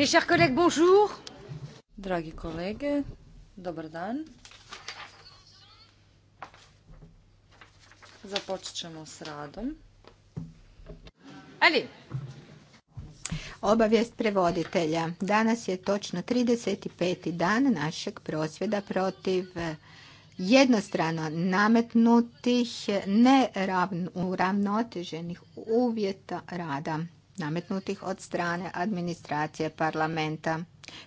Mes chers bonjour. Dragi kolege, dobar dan. Započet ćemo s radom. Ali. Obavijest prevoditelja. Danas je točno 35. dan našeg prosvjeda protiv eh, jednostrano nametnutih neuravnoteženih uvjeta rada nametnutih od strane administracije parlamenta.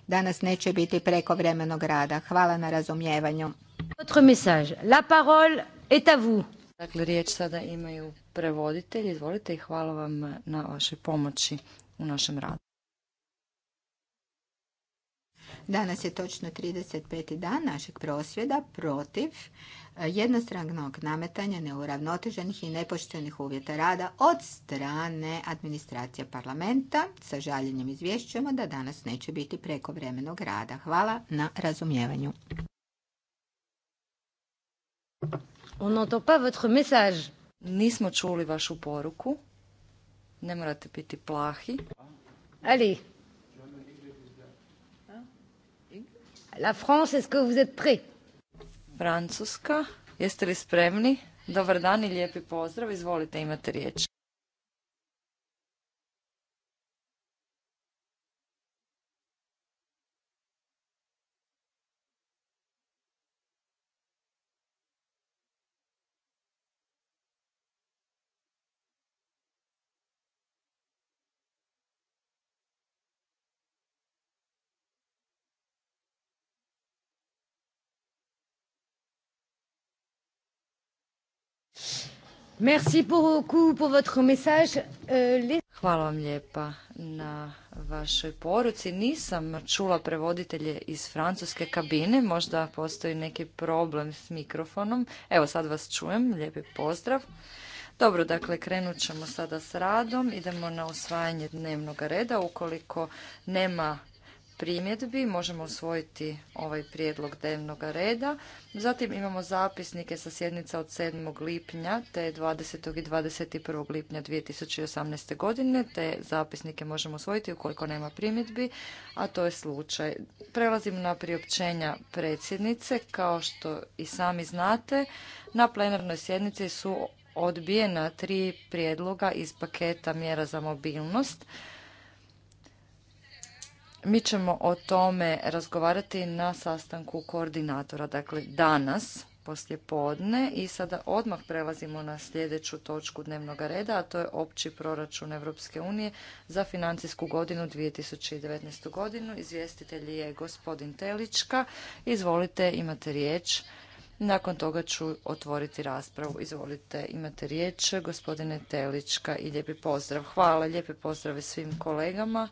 Danas neće biti prekovremenog rada. Hvala na razumijevanju. Votre message. La parole est à vous. Dakle, riječ sada imaju prevoditelji. Izvolite i hvala vam na vašoj pomoći u našem radu. Danas je točno 35. dan našeg prosvjeda protiv jednostranog nametanja neuravnoteženih i nepoštenih uvjeta rada od strane administracije parlamenta. Sa žaljenjem izvješćujemo da danas neće biti prekovremenog rada. Hvala na razumijevanju. Nismo čuli vašu poruku. Ne morate biti plahi. Ali. La France, est-ce que vous êtes prêts Francuska. Jeste li spremni? Dobar dan i lijepi pozdrav. Izvolite, imate riječ. Merci beaucoup pour euh, Hvala vam lijepa na vašoj poruci. Nisam čula prevoditelje iz francuske kabine, možda postoji neki problem s mikrofonom. Evo sad vas čujem, lijepi pozdrav. Dobro, dakle krenut ćemo sada s radom, idemo na osvajanje dnevnog reda. Ukoliko nema primjedbi, možemo usvojiti ovaj prijedlog dnevnog reda. Zatim imamo zapisnike sa sjednica od 7. lipnja te 20. i 21. lipnja 2018. godine, te zapisnike možemo usvojiti ukoliko nema primjedbi, a to je slučaj. Prelazim na priopćenja predsjednice. Kao što i sami znate, na plenarnoj sjednici su odbijena tri prijedloga iz paketa mjera za mobilnost. Mi ćemo o tome razgovarati na sastanku koordinatora, dakle danas poslije podne i sada odmah prelazimo na sljedeću točku dnevnog reda, a to je opći proračun Europske unije za financijsku godinu 2019. godinu. Izvjestitelj je gospodin Telička. Izvolite, imate riječ. Nakon toga ću otvoriti raspravu. Izvolite, imate riječ, gospodine Telička i lijepi pozdrav. Hvala, lijepi pozdrave svim kolegama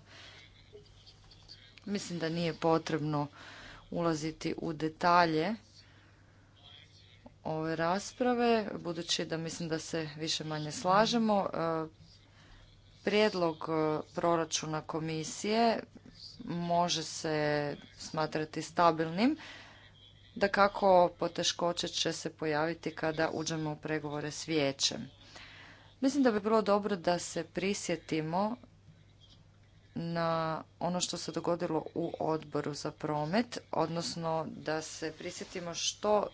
Mislim da nije potrebno ulaziti u detalje ove rasprave, budući da mislim da se više manje slažemo. E, prijedlog e, proračuna komisije može se smatrati stabilnim, da kako poteškoće će se pojaviti kada uđemo u pregovore s vijećem. Mislim da bi bilo dobro da se prisjetimo na ono što se dogodilo u odboru za promet, odnosno da se prisjetimo što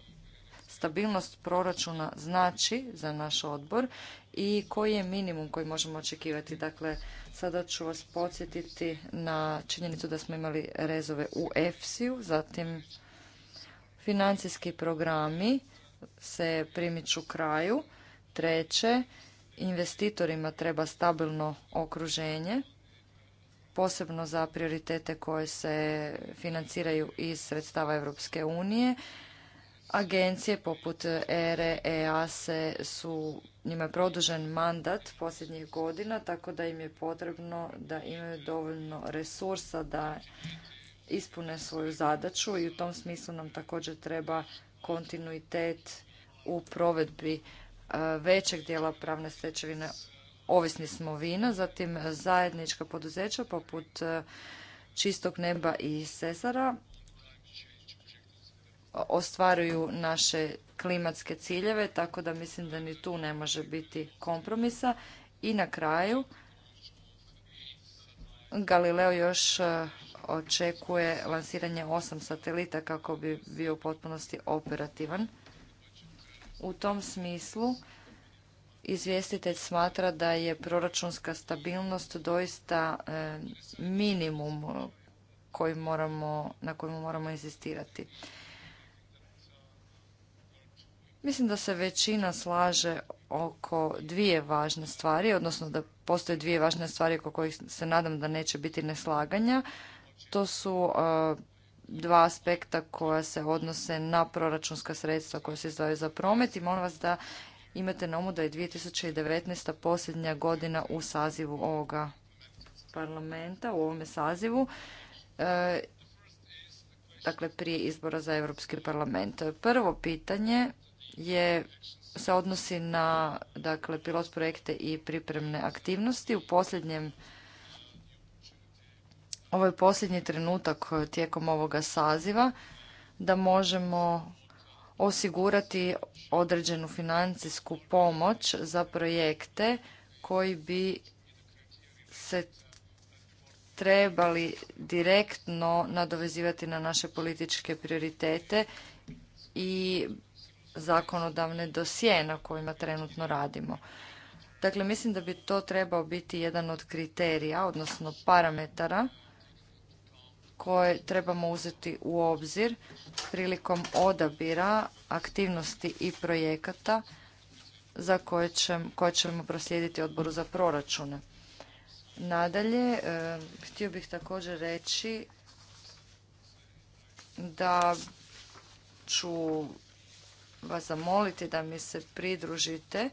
stabilnost proračuna znači za naš odbor i koji je minimum koji možemo očekivati. Dakle, sada ću vas podsjetiti na činjenicu da smo imali rezove u EFSI-u, zatim financijski programi se primiću kraju, treće, investitorima treba stabilno okruženje, posebno za prioritete koje se financiraju iz sredstava Europske unije. Agencije poput ERE, EASE su, njima je produžen mandat posljednjih godina, tako da im je potrebno da imaju dovoljno resursa da ispune svoju zadaću i u tom smislu nam također treba kontinuitet u provedbi e, većeg dijela pravne stečevine ovisni smo vina, zatim zajednička poduzeća poput e, Čistog neba i Sesara ostvaruju naše klimatske ciljeve, tako da mislim da ni tu ne može biti kompromisa. I na kraju, Galileo još e, očekuje lansiranje osam satelita kako bi bio u potpunosti operativan. U tom smislu izvjestitelj smatra da je proračunska stabilnost doista e, minimum e, na kojem moramo insistirati. Mislim da se većina slaže oko dvije važne stvari, odnosno da postoje dvije važne stvari oko kojih se nadam da neće biti neslaganja. To su e, dva aspekta koja se odnose na proračunska sredstva koja se izdvaju za promet i molim vas da imate na umu da je 2019. posljednja godina u sazivu ovoga parlamenta, u ovome sazivu, e, dakle prije izbora za Europski parlament. Prvo pitanje je se odnosi na dakle pilot projekte i pripremne aktivnosti. U posljednjem ovaj posljednji trenutak tijekom ovoga saziva da možemo osigurati određenu financijsku pomoć za projekte koji bi se trebali direktno nadovezivati na naše političke prioritete i zakonodavne dosije na kojima trenutno radimo. Dakle, mislim da bi to trebao biti jedan od kriterija, odnosno parametara koje trebamo uzeti u obzir prilikom odabira aktivnosti i projekata za koje, koje ćemo proslijediti odboru za proračune. Nadalje, e, htio bih također reći da ću vas zamoliti da mi se pridružite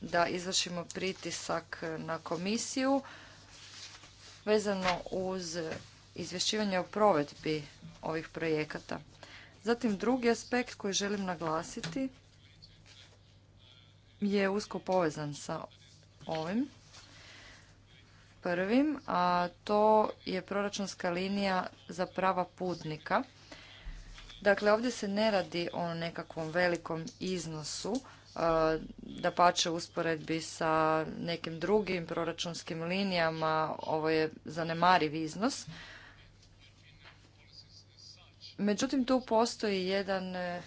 da izvršimo pritisak na komisiju vezano uz izvješćivanje o provedbi ovih projekata. Zatim drugi aspekt koji želim naglasiti je usko povezan sa ovim prvim, a to je proračunska linija za prava putnika. Dakle, ovdje se ne radi o nekakvom velikom iznosu, da pače usporedbi sa nekim drugim proračunskim linijama, ovo je zanemariv iznos. Međutim, tu postoji jedan e,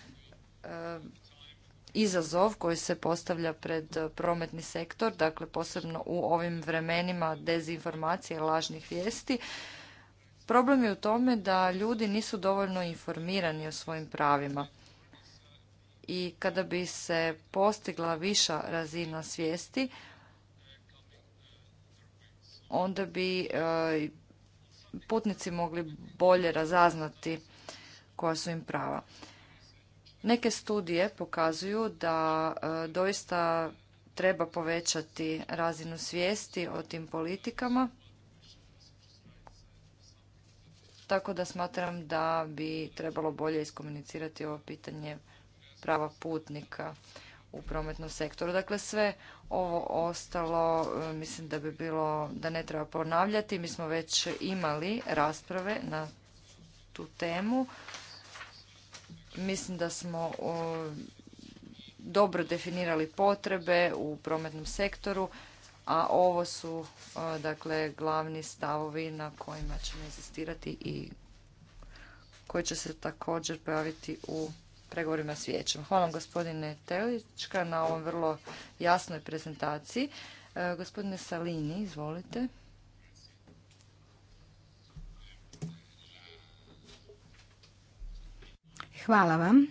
izazov koji se postavlja pred prometni sektor, dakle posebno u ovim vremenima dezinformacije, lažnih vijesti. Problem je u tome da ljudi nisu dovoljno informirani o svojim pravima i kada bi se postigla viša razina svijesti, onda bi e, putnici mogli bolje razaznati koja su im prava. Neke studije pokazuju da e, doista treba povećati razinu svijesti o tim politikama. Tako da smatram da bi trebalo bolje iskomunicirati ovo pitanje prava putnika u prometnom sektoru. Dakle, sve ovo ostalo e, mislim da bi bilo, da ne treba ponavljati. Mi smo već imali rasprave na tu temu. Mislim da smo dobro definirali potrebe u prometnom sektoru, a ovo su e, dakle glavni stavovi na kojima ćemo insistirati i koji će se također pojaviti u pregovorima s vijećem. Hvala vam gospodine Telička na ovom vrlo jasnoj prezentaciji. E, gospodine Salini, izvolite. Hvala vam.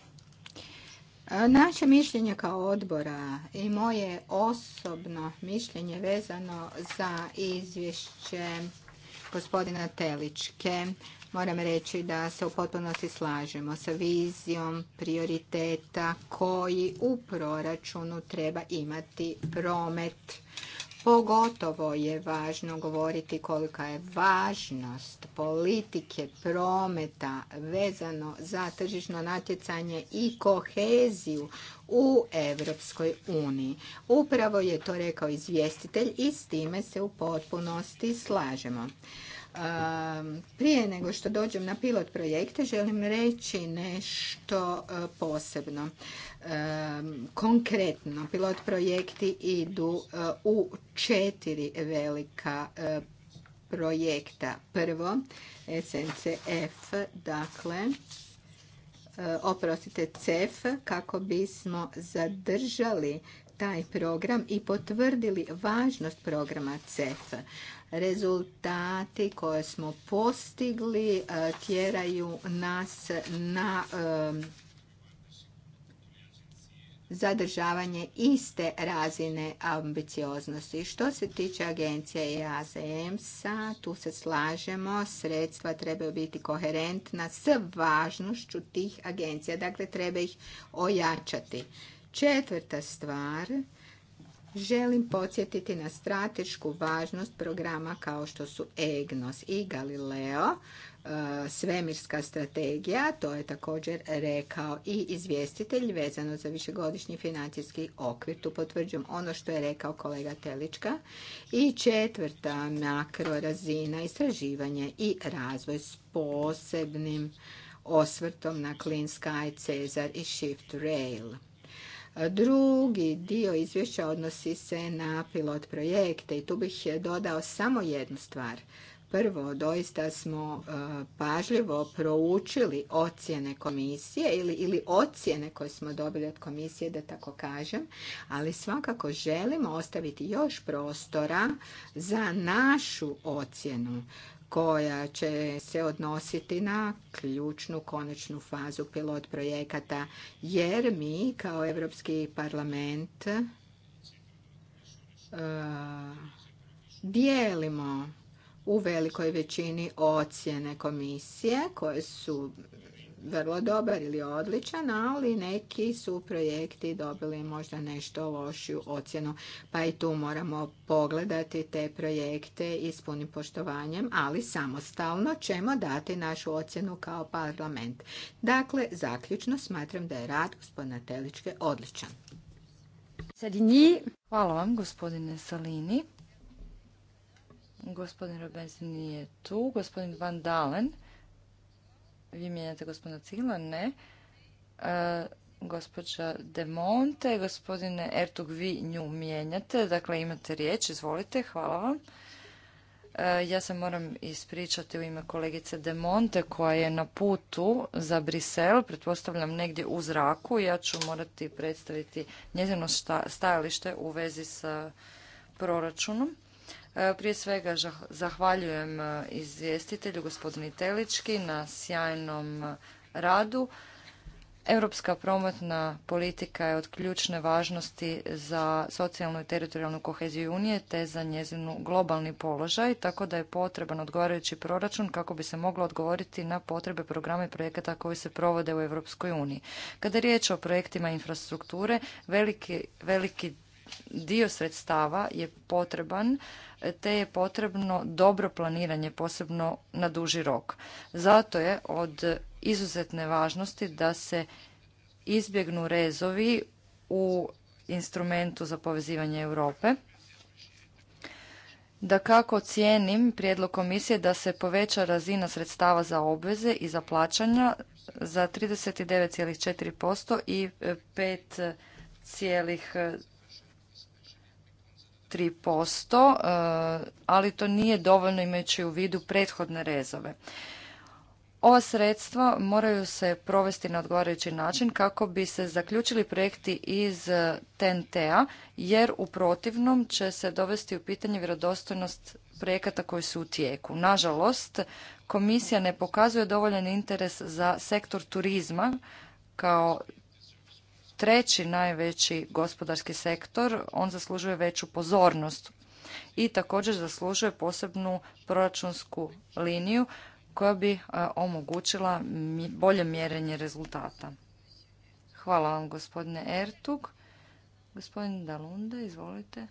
E, naše mišljenje kao odbora i moje osobno mišljenje vezano za izvješće gospodina Teličke moram reći da se u potpunosti slažemo sa vizijom prioriteta koji u proračunu treba imati promet. Pogotovo je važno govoriti kolika je važnost politike prometa vezano za tržišno natjecanje i koheziju u Europskoj uniji. Upravo je to rekao izvjestitelj i s time se u potpunosti slažemo. Ehm, prije nego što dođem na pilot projekte želim reći nešto e, posebno. Ehm, konkretno, pilot projekti idu e, u četiri velika e, projekta. Prvo, SNCF, dakle, oprostite, CEF, kako bismo zadržali taj program i potvrdili važnost programa CEF. Rezultati koje smo postigli e, tjeraju nas na e, zadržavanje iste razine ambicioznosti. Što se tiče agencije azm tu se slažemo, sredstva trebaju biti koherentna s važnošću tih agencija, dakle treba ih ojačati. Četvrta stvar, želim podsjetiti na stratešku važnost programa kao što su EGNOS i Galileo, e, svemirska strategija, to je također rekao i izvjestitelj vezano za višegodišnji financijski okvir. Tu potvrđujem ono što je rekao kolega Telička. I četvrta makrorazina, istraživanje i razvoj s posebnim osvrtom na Clean Sky, Cezar i Shift Rail. Drugi dio izvješća odnosi se na pilot projekte i tu bih dodao samo jednu stvar. Prvo, doista smo e, pažljivo proučili ocjene komisije ili, ili ocjene koje smo dobili od komisije, da tako kažem, ali svakako želimo ostaviti još prostora za našu ocjenu koja će se odnositi na ključnu konačnu fazu pilot projekata jer mi kao Europski parlament e, dijelimo u velikoj većini ocjene komisije koje su vrlo dobar ili odličan, ali neki su projekti dobili možda nešto lošiju ocjenu, pa i tu moramo pogledati te projekte i s punim poštovanjem, ali samostalno ćemo dati našu ocjenu kao parlament. Dakle, zaključno smatram da je rad gospodina Teličke odličan. Hvala vam gospodine Salini. Gospodin nije tu. Gospodin Van Dalen vi mijenjate gospodina Cigla? Ne. E, gospođa De Monte, gospodine Ertug, vi nju mijenjate. Dakle, imate riječ, izvolite, hvala vam. E, ja se moram ispričati u ime kolegice De Monte koja je na putu za Brisel, pretpostavljam negdje u zraku. Ja ću morati predstaviti njezino stajalište u vezi sa proračunom. E, prije svega zahvaljujem e, izvjestitelju gospodinu Telički na sjajnom e, radu. Europska prometna politika je od ključne važnosti za socijalnu i teritorijalnu koheziju Unije te za njezinu globalni položaj, tako da je potreban odgovarajući proračun kako bi se moglo odgovoriti na potrebe programa i projekata koji se provode u Europskoj uniji. Kada je riječ o projektima infrastrukture, veliki, veliki dio sredstava je potreban te je potrebno dobro planiranje, posebno na duži rok. Zato je od izuzetne važnosti da se izbjegnu rezovi u instrumentu za povezivanje Europe. Da kako cijenim prijedlog komisije da se poveća razina sredstava za obveze i za plaćanja za 39,4% i 5,3% 3%, eh, ali to nije dovoljno imajući u vidu prethodne rezove. Ova sredstva moraju se provesti na odgovarajući način kako bi se zaključili projekti iz eh, TNT-a, jer u protivnom će se dovesti u pitanje vjerodostojnost projekata koji su u tijeku. Nažalost, komisija ne pokazuje dovoljan interes za sektor turizma kao treći najveći gospodarski sektor, on zaslužuje veću pozornost i također zaslužuje posebnu proračunsku liniju koja bi e, omogućila bolje mjerenje rezultata. Hvala vam gospodine Ertug. Gospodin Dalunda, izvolite.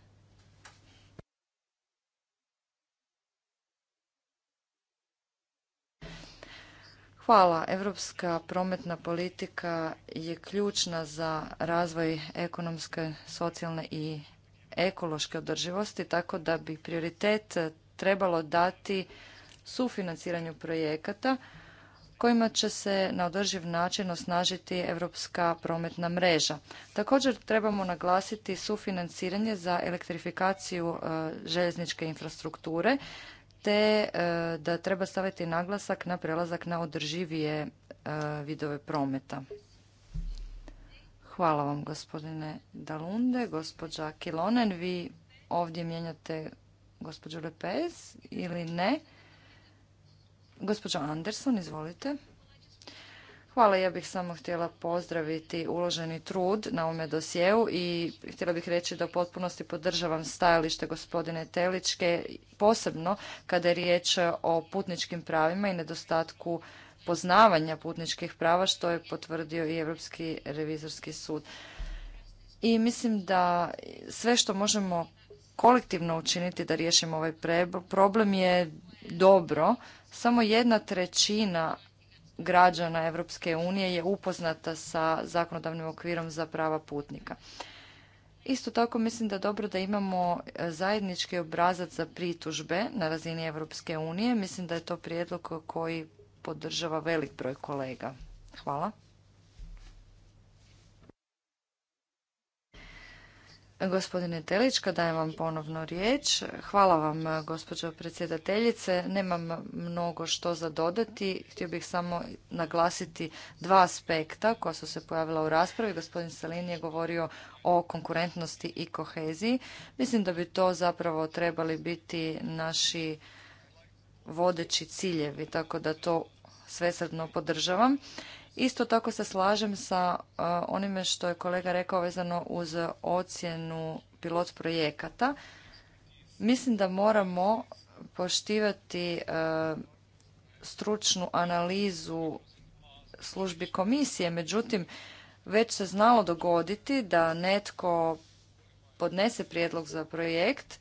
Hvala. Europska prometna politika je ključna za razvoj ekonomske, socijalne i ekološke održivosti, tako da bi prioritet trebalo dati sufinanciranju projekata kojima će se na održiv način osnažiti europska prometna mreža. Također trebamo naglasiti sufinanciranje za elektrifikaciju e, željezničke infrastrukture te e, da treba staviti naglasak na prelazak na održivije e, vidove prometa. Hvala vam gospodine Dalunde. Gospođa Kilonen, vi ovdje mijenjate gospođu Lepez ili ne? Gospođa Anderson, izvolite. Hvala, ja bih samo htjela pozdraviti uloženi trud na ovome dosjeu i htjela bih reći da u potpunosti podržavam stajalište gospodine Teličke, posebno kada je riječ o putničkim pravima i nedostatku poznavanja putničkih prava, što je potvrdio i Europski revizorski sud. I mislim da sve što možemo kolektivno učiniti da riješimo ovaj problem je dobro. Samo jedna trećina građana Europske unije je upoznata sa zakonodavnim okvirom za prava putnika. Isto tako mislim da je dobro da imamo e, zajednički obrazac za pritužbe na razini Europske unije. Mislim da je to prijedlog koji podržava velik broj kolega. Hvala. Gospodine Telička, dajem vam ponovno riječ. Hvala vam, gospođo predsjedateljice. Nemam mnogo što za dodati. Htio bih samo naglasiti dva aspekta koja su se pojavila u raspravi. Gospodin Salin je govorio o konkurentnosti i koheziji. Mislim da bi to zapravo trebali biti naši vodeći ciljevi, tako da to svesrdno podržavam. Isto tako se slažem sa onime što je kolega rekao vezano uz ocjenu pilot projekata. Mislim da moramo poštivati stručnu analizu službi komisije, međutim već se znalo dogoditi da netko podnese prijedlog za projekt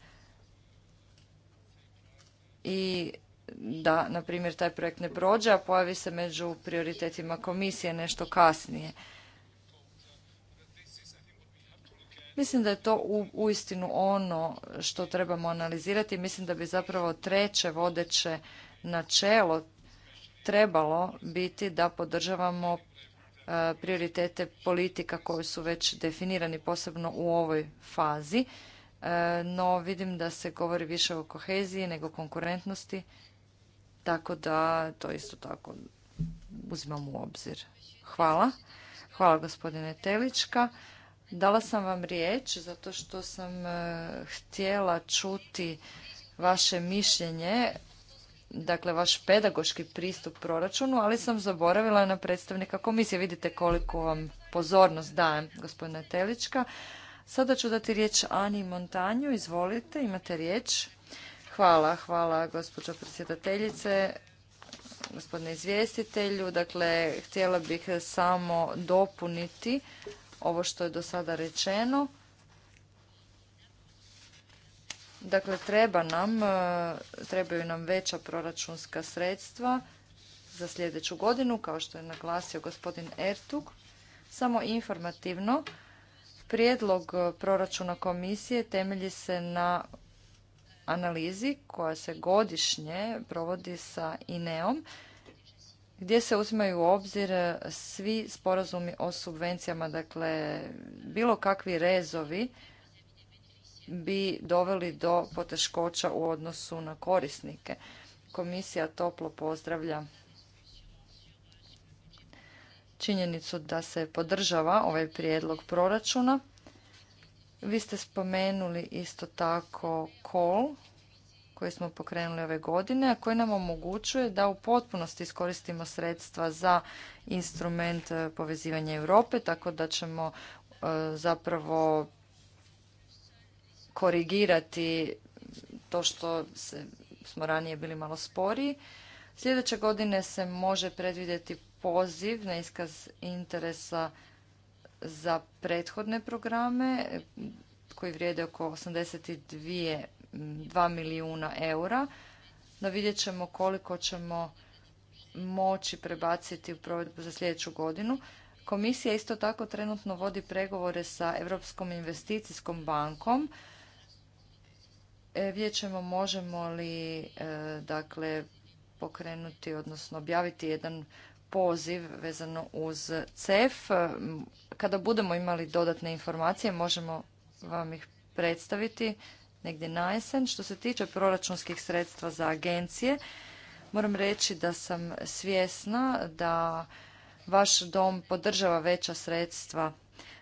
i da, na primjer, taj projekt ne prođe, a pojavi se među prioritetima komisije nešto kasnije. Mislim da je to u, uistinu ono što trebamo analizirati. Mislim da bi zapravo treće vodeće načelo trebalo biti da podržavamo e, prioritete politika koji su već definirani posebno u ovoj fazi, e, no vidim da se govori više o koheziji nego konkurentnosti tako da to isto tako uzimam u obzir. Hvala. Hvala gospodine Telička. Dala sam vam riječ zato što sam e, htjela čuti vaše mišljenje, dakle vaš pedagoški pristup proračunu, ali sam zaboravila na predstavnika komisije. Vidite koliko vam pozornost dajem, gospodine Telička. Sada ću dati riječ Ani Montanju. Izvolite, imate riječ. Hvala, hvala gospođo predsjedateljice, gospodine izvjestitelju. Dakle, htjela bih samo dopuniti ovo što je do sada rečeno. Dakle, treba nam, e, trebaju nam veća proračunska sredstva za sljedeću godinu, kao što je naglasio gospodin Ertug. Samo informativno, prijedlog proračuna komisije temelji se na analizi koja se godišnje provodi sa INEOM gdje se uzimaju u obzir svi sporazumi o subvencijama, dakle bilo kakvi rezovi bi doveli do poteškoća u odnosu na korisnike. Komisija toplo pozdravlja činjenicu da se podržava ovaj prijedlog proračuna vi ste spomenuli isto tako KOL koji smo pokrenuli ove godine, a koji nam omogućuje da u potpunosti iskoristimo sredstva za instrument e, povezivanja Europe, tako da ćemo e, zapravo korigirati to što smo ranije bili malo sporiji. Sljedeće godine se može predvidjeti poziv na iskaz interesa za prethodne programe koji vrijede oko 82 milijuna eura. No vidjet ćemo koliko ćemo moći prebaciti u provedbu za sljedeću godinu. Komisija isto tako trenutno vodi pregovore sa Europskom investicijskom bankom. E, vidjet ćemo možemo li e, dakle pokrenuti, odnosno objaviti jedan poziv vezano uz CEF kada budemo imali dodatne informacije možemo vam ih predstaviti negdje na jesen. Što se tiče proračunskih sredstva za agencije, moram reći da sam svjesna da vaš dom podržava veća sredstva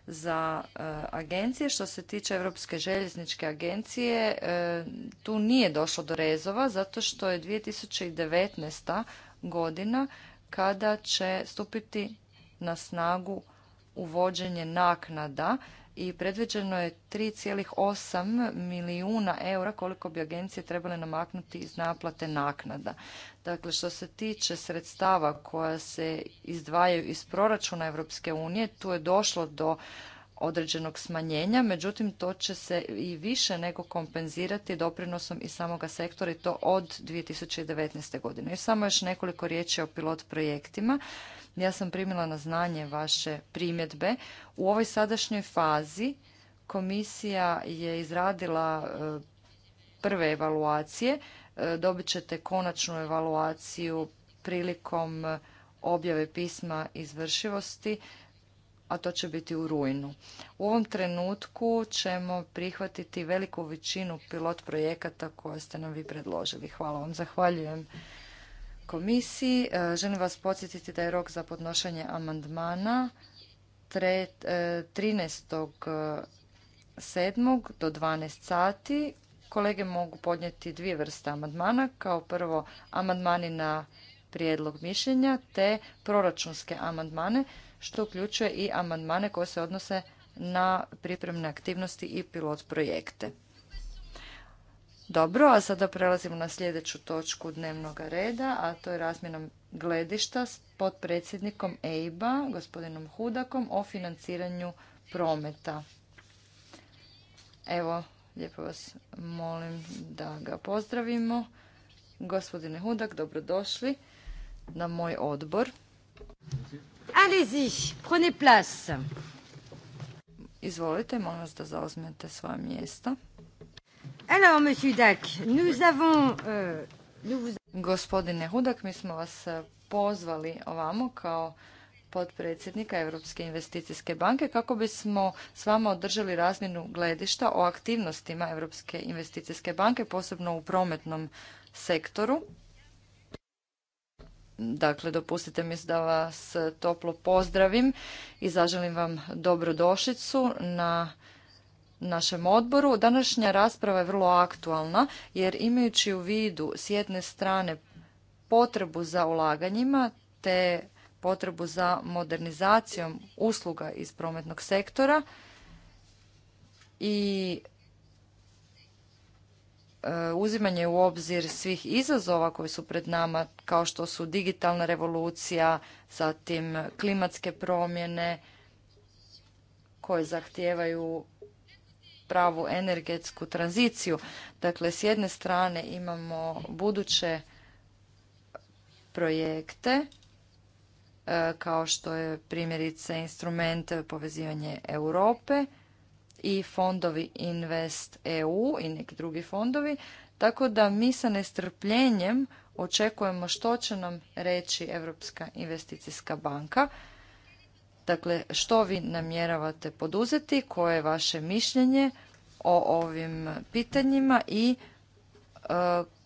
za e, agencije. Što se tiče Europske željezničke agencije, e, tu nije došlo do rezova zato što je 2019. godina kada će stupiti na snagu uvođenje naknada i predviđeno je 3,8 milijuna eura koliko bi agencije trebale namaknuti iz naplate naknada. Dakle, što se tiče sredstava koja se izdvajaju iz proračuna Europske unije, tu je došlo do određenog smanjenja, međutim to će se i više nego kompenzirati doprinosom iz samoga sektora i to od 2019. godine. I samo još nekoliko riječi o pilot projektima. Ja sam primila na znanje vaše primjedbe. U ovoj sadašnjoj fazi komisija je izradila e, prve evaluacije. E, dobit ćete konačnu evaluaciju prilikom e, objave pisma izvršivosti, a to će biti u rujnu. U ovom trenutku ćemo prihvatiti veliku većinu pilot projekata koje ste nam vi predložili. Hvala vam, zahvaljujem komisiji. E, želim vas podsjetiti da je rok za podnošenje amandmana 13.7. E, e, do 12 sati. Kolege mogu podnijeti dvije vrste amandmana. Kao prvo, amandmani na prijedlog mišljenja te proračunske amandmane, što uključuje i amandmane koje se odnose na pripremne aktivnosti i pilot projekte. Dobro, a sada prelazimo na sljedeću točku dnevnog reda, a to je razmjena gledišta s potpredsjednikom EIBA, gospodinom Hudakom, o financiranju prometa. Evo, lijepo vas molim da ga pozdravimo. Gospodine Hudak, dobrodošli na moj odbor. Allez-y, prenez place. Izvolite, molim vas da zauzmete svoje mjesta. Alors, monsieur Dac, nous avons... Euh, Gospodine Hudak, mi smo vas e, pozvali ovamo kao potpredsjednika Europske investicijske banke kako bismo s vama održali razmjenu gledišta o aktivnostima Europske investicijske banke, posebno u prometnom sektoru. Dakle, dopustite mi da vas toplo pozdravim i zaželim vam dobrodošlicu na našem odboru. Današnja rasprava je vrlo aktualna jer imajući u vidu s jedne strane potrebu za ulaganjima te potrebu za modernizacijom usluga iz prometnog sektora i e, uzimanje u obzir svih izazova koji su pred nama kao što su digitalna revolucija, zatim klimatske promjene koje zahtijevaju pravu energetsku tranziciju. Dakle, s jedne strane imamo buduće projekte, e, kao što je primjerice instrument povezivanje Europe i fondovi Invest EU i neki drugi fondovi. Tako da mi sa nestrpljenjem očekujemo što će nam reći Europska investicijska banka Dakle, što vi namjeravate poduzeti, koje je vaše mišljenje o ovim pitanjima i e,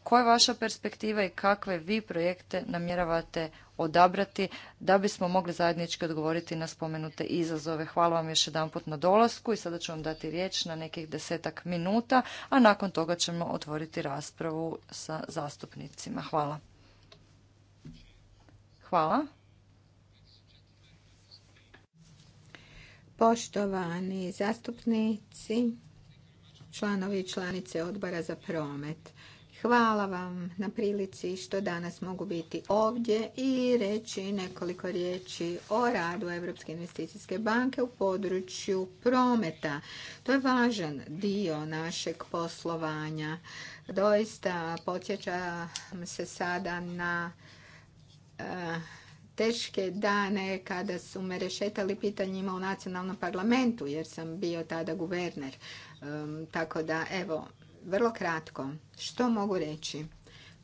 koja je vaša perspektiva i kakve vi projekte namjeravate odabrati da bismo mogli zajednički odgovoriti na spomenute izazove. Hvala vam još jedanput na dolasku i sada ću vam dati riječ na nekih desetak minuta, a nakon toga ćemo otvoriti raspravu sa zastupnicima. Hvala. Hvala. Poštovani zastupnici, članovi i članice odbora za promet. Hvala vam na prilici što danas mogu biti ovdje i reći nekoliko riječi o radu Europske investicijske banke u području prometa. To je važan dio našeg poslovanja. Doista podsjećam se sada na eh, teške dane kada su me rešetali pitanjima u nacionalnom parlamentu jer sam bio tada guverner. tako da evo, vrlo kratko, što mogu reći?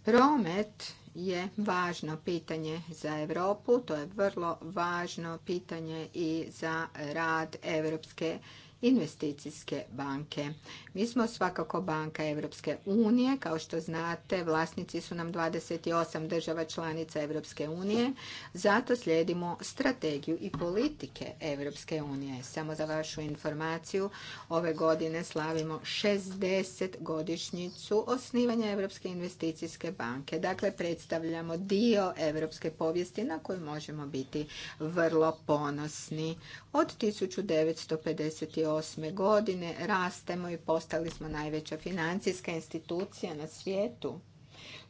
Promet je važno pitanje za Europu, to je vrlo važno pitanje i za rad Europske investicijske banke. Mi smo svakako banka Europske unije. Kao što znate, vlasnici su nam 28 država članica Europske unije. Zato slijedimo strategiju i politike Europske unije. Samo za vašu informaciju, ove godine slavimo 60 godišnjicu osnivanja Europske investicijske banke. Dakle, predstavljamo dio europske povijesti na koju možemo biti vrlo ponosni. Od 1958 2008. godine rastemo i postali smo najveća financijska institucija na svijetu.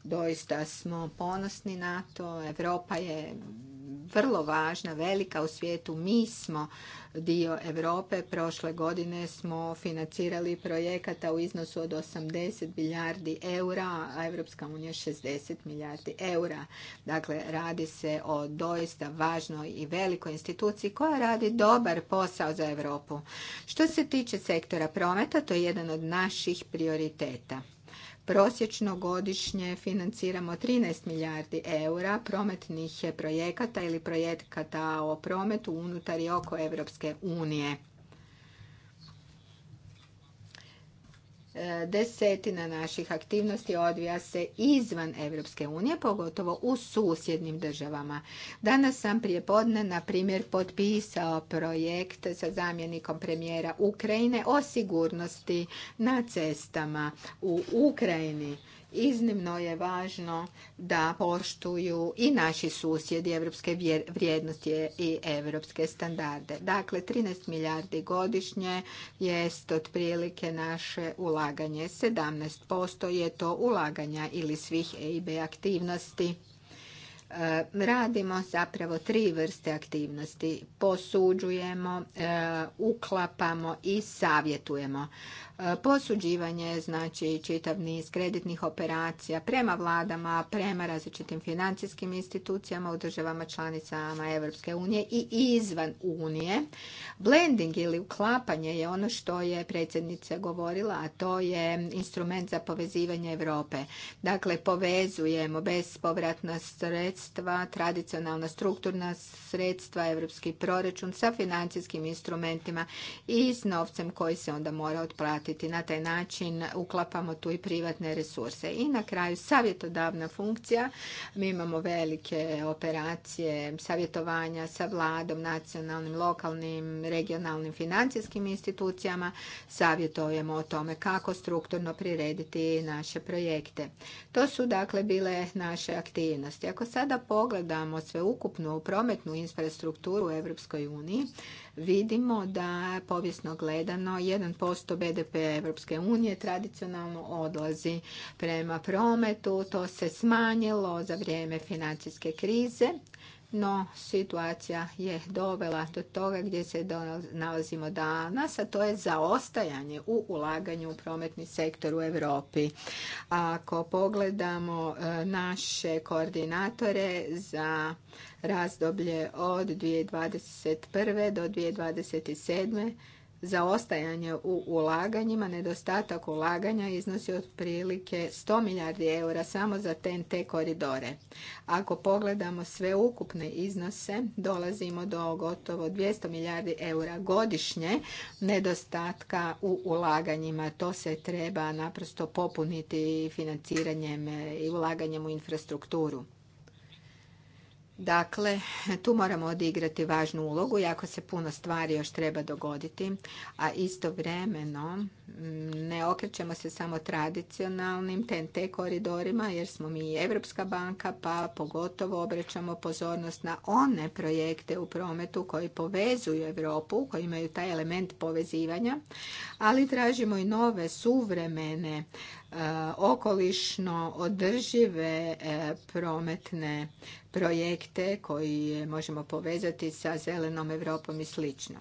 Doista smo ponosni na to. Europa je vrlo važna, velika u svijetu. Mi smo dio Europe. Prošle godine smo financirali projekata u iznosu od 80 milijardi eura, a Europska unija 60 milijardi eura. Dakle, radi se o doista važnoj i velikoj instituciji koja radi dobar posao za Europu. Što se tiče sektora prometa, to je jedan od naših prioriteta. Prosječno godišnje financiramo 13 milijardi eura prometnih projekata ili projekata o prometu unutar i oko Europske unije. desetina naših aktivnosti odvija se izvan Europske unije, pogotovo u susjednim državama. Danas sam prije podne, na primjer, potpisao projekt sa zamjenikom premijera Ukrajine o sigurnosti na cestama u Ukrajini. Iznimno je važno da poštuju i naši susjedi evropske vrijednosti i evropske standarde. Dakle, 13 milijardi godišnje jest otprilike naše ulaganje. 17% je to ulaganja ili svih EIB aktivnosti e, radimo zapravo tri vrste aktivnosti. Posuđujemo, e, uklapamo i savjetujemo. Posuđivanje znači čitav niz kreditnih operacija prema vladama, prema različitim financijskim institucijama u državama članicama Evropske unije i izvan unije. Blending ili uklapanje je ono što je predsjednica govorila, a to je instrument za povezivanje Europe. Dakle, povezujemo bespovratna sredstva, tradicionalna strukturna sredstva, evropski proračun sa financijskim instrumentima i s novcem koji se onda mora otplatiti i Na taj način uklapamo tu i privatne resurse. I na kraju savjetodavna funkcija. Mi imamo velike operacije savjetovanja sa vladom, nacionalnim, lokalnim, regionalnim financijskim institucijama. Savjetujemo o tome kako strukturno prirediti naše projekte. To su dakle bile naše aktivnosti. Ako sada pogledamo sveukupnu prometnu infrastrukturu u Europskoj uniji, vidimo da povijesno gledano 1% BDP Evropske unije tradicionalno odlazi prema prometu. To se smanjilo za vrijeme financijske krize no situacija je dovela do toga gdje se nalazimo danas, a to je zaostajanje u ulaganju u prometni sektor u Europi. Ako pogledamo e, naše koordinatore za razdoblje od 2021. do 2027 zaostajanje u ulaganjima, nedostatak ulaganja iznosi otprilike 100 milijardi eura samo za TNT koridore. Ako pogledamo sve ukupne iznose, dolazimo do gotovo 200 milijardi eura godišnje nedostatka u ulaganjima. To se treba naprosto popuniti financiranjem i ulaganjem u infrastrukturu. Dakle, tu moramo odigrati važnu ulogu, jako se puno stvari još treba dogoditi, a istovremeno mm, ne okrećemo se samo tradicionalnim TNT koridorima, jer smo mi Evropska banka, pa pogotovo obraćamo pozornost na one projekte u prometu koji povezuju Europu, koji imaju taj element povezivanja, ali tražimo i nove suvremene E, okolišno održive e, prometne projekte koji možemo povezati sa zelenom Europom i slično.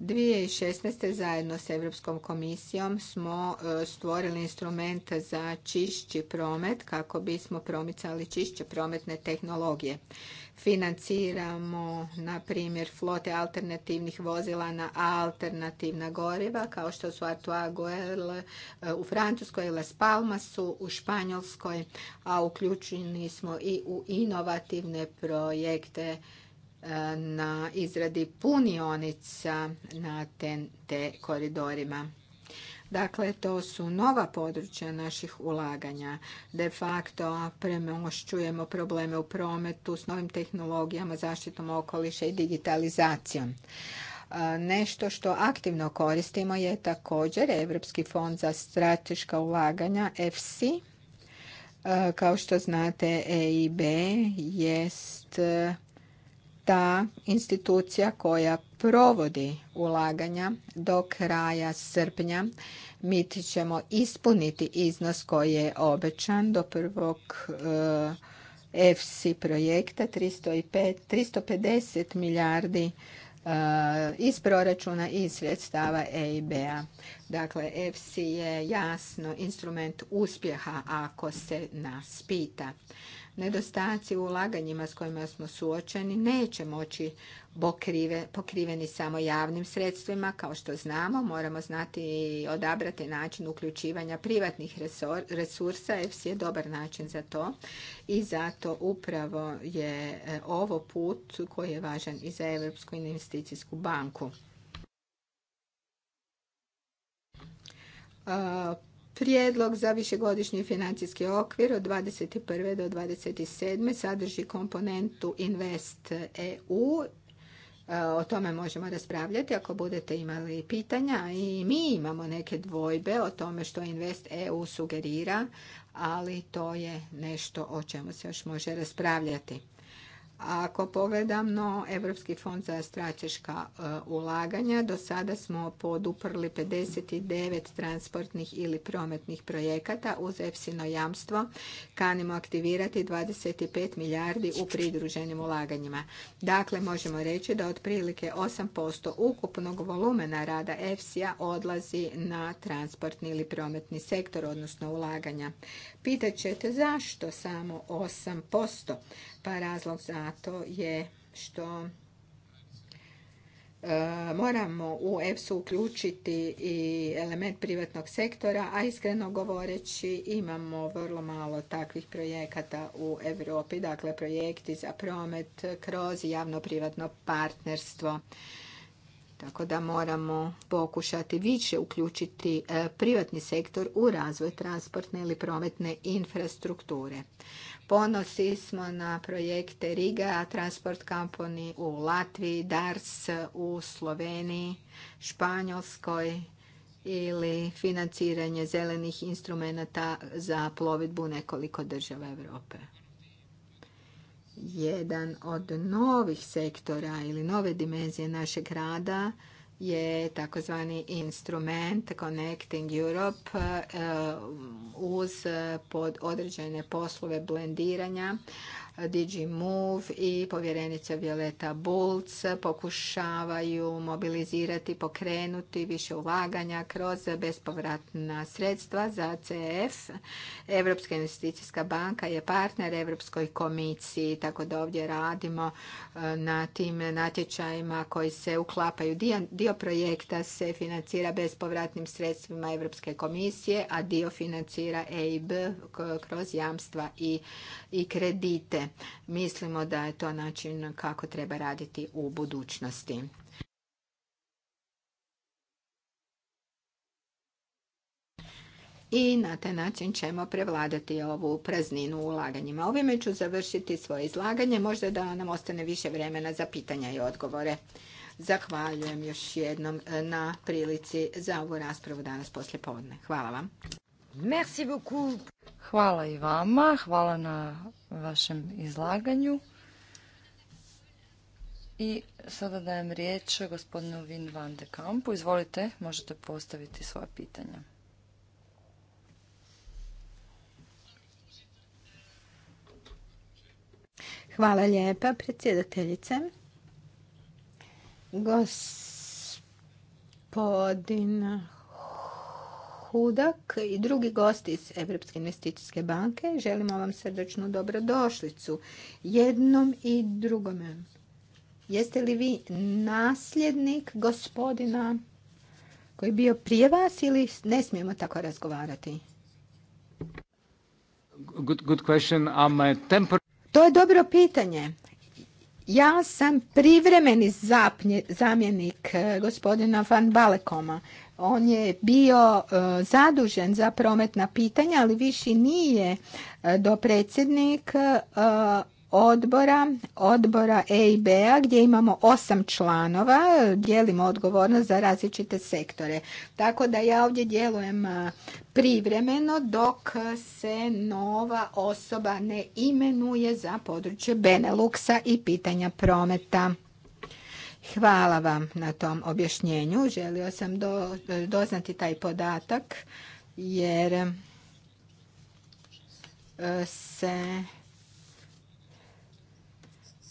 2016. zajedno s Europskom komisijom smo e, stvorili instrument za čišći promet kako bismo promicali čišće prometne tehnologije financiramo na primjer flote alternativnih vozila na alternativna goriva kao što su Artois Goel e, u Francuskoj, Las Palmasu u Španjolskoj, a uključeni smo i u inovativne projekte e, na izradi punionica na TNT koridorima. Dakle, to su nova područja naših ulaganja. De facto premošćujemo probleme u prometu s novim tehnologijama, zaštitom okoliša i digitalizacijom. E, nešto što aktivno koristimo je također Europski fond za strateška ulaganja EFSI. Kao što znate, EIB jest ta institucija koja provodi ulaganja do kraja srpnja mi ćemo ispuniti iznos koji je obećan do prvog eh, FC projekta 305, 350 milijardi eh, iz proračuna i sredstava EIB-a. Dakle, EFSI je jasno instrument uspjeha ako se nas pita nedostaci u ulaganjima s kojima smo suočeni neće moći pokriveni samo javnim sredstvima. Kao što znamo, moramo znati i odabrati način uključivanja privatnih resursa. EFS je dobar način za to i zato upravo je e, ovo put koji je važan i za Europsku investicijsku banku. E, Prijedlog za višegodišnji financijski okvir od 21. do 27. sadrži komponentu Invest EU. E, o tome možemo raspravljati ako budete imali pitanja. I mi imamo neke dvojbe o tome što Invest EU sugerira, ali to je nešto o čemu se još može raspravljati. Ako pogledamo Europski fond za strateška e, ulaganja, do sada smo poduprli 59 transportnih ili prometnih projekata uz EFSINO jamstvo. Kanimo aktivirati 25 milijardi u pridruženim ulaganjima. Dakle, možemo reći da otprilike 8% ukupnog volumena rada EFSI-a odlazi na transportni ili prometni sektor, odnosno ulaganja. Pitaćete zašto samo 8%? Pa razlog za to je što e, moramo u EPS-u uključiti i element privatnog sektora, a iskreno govoreći imamo vrlo malo takvih projekata u Europi, dakle projekti za promet kroz javno-privatno partnerstvo. Tako da moramo pokušati više uključiti e, privatni sektor u razvoj transportne ili prometne infrastrukture. Ponosi smo na projekte Riga, Transport Company u Latviji, DARS u Sloveniji, Španjolskoj ili financiranje zelenih instrumenata za plovidbu nekoliko država Europe. Jedan od novih sektora ili nove dimenzije našeg rada je takozvani instrument Connecting Europe e, uz pod određene poslove blendiranja DigiMove i povjerenica Violeta Bulc pokušavaju mobilizirati, pokrenuti više ulaganja kroz bespovratna sredstva za CF. E Europska investicijska banka je partner Europskoj komisiji, tako da ovdje radimo e, na tim natječajima koji se uklapaju. Dio, projekta se financira bespovratnim sredstvima Europske komisije, a dio financira EIB kroz jamstva i kredite. Mislimo da je to način kako treba raditi u budućnosti. i na taj način ćemo prevladati ovu prazninu ulaganjima. Ovime ću završiti svoje izlaganje, možda da nam ostane više vremena za pitanja i odgovore. Zahvaljujem još jednom eh, na prilici za ovu raspravu danas poslje podne. Hvala vam. Merci beaucoup. Hvala i vama, hvala na vašem izlaganju. I sada dajem riječ gospodinu Vin van de Kampu. Izvolite, možete postaviti svoje pitanja. Hvala lijepa, predsjedateljice. Gospodin Hudak i drugi gosti iz Evropske investicijske banke. Želimo vam srdečnu dobrodošlicu jednom i drugome. Jeste li vi nasljednik gospodina koji je bio prije vas ili ne smijemo tako razgovarati? To je dobro pitanje. Ja sam privremeni zamjenik eh, gospodina Van Balekoma on je bio e, zadužen za prometna pitanja, ali više nije e, do predsjednik e, odbora, odbora i a gdje imamo osam članova, dijelimo odgovornost za različite sektore. Tako da ja ovdje djelujem privremeno dok se nova osoba ne imenuje za područje Beneluksa i pitanja prometa. Hvala vam na tom objašnjenju. Želio sam doznati taj podatak jer e, se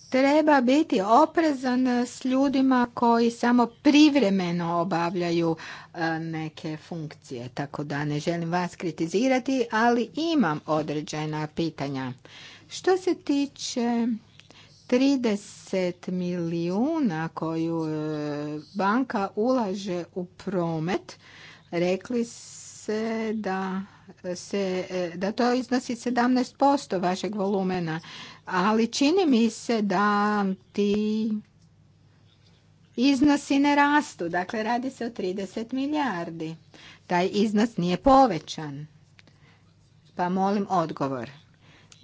treba biti oprezan s ljudima koji samo privremeno obavljaju e, neke funkcije. Tako da ne želim vas kritizirati, ali imam određena pitanja. Što se tiče 30 milijuna koju e, banka ulaže u promet, rekli se da, se e, da to iznosi 17% vašeg volumena, ali čini mi se da ti iznosi ne rastu, dakle radi se o 30 milijardi. Taj iznos nije povećan. Pa molim odgovor.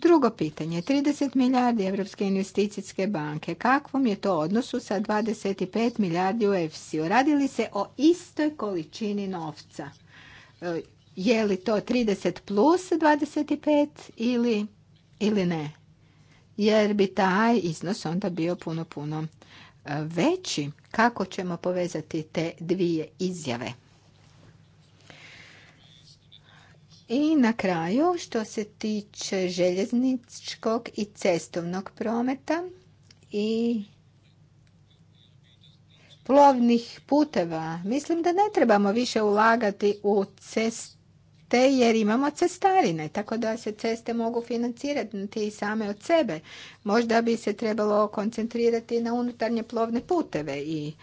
Drugo pitanje, 30 milijardi Europske investicijske banke, kakvom je to odnosu sa 25 milijardi u EFSI-u? Radi li se o istoj količini novca? E, je li to 30 plus 25 ili, ili ne? Jer bi taj iznos onda bio puno, puno e, veći. Kako ćemo povezati te dvije izjave? I na kraju, što se tiče željezničkog i cestovnog prometa i plovnih puteva, mislim da ne trebamo više ulagati u ceste jer imamo cestarine, tako da se ceste mogu financirati i same od sebe. Možda bi se trebalo koncentrirati na unutarnje plovne puteve i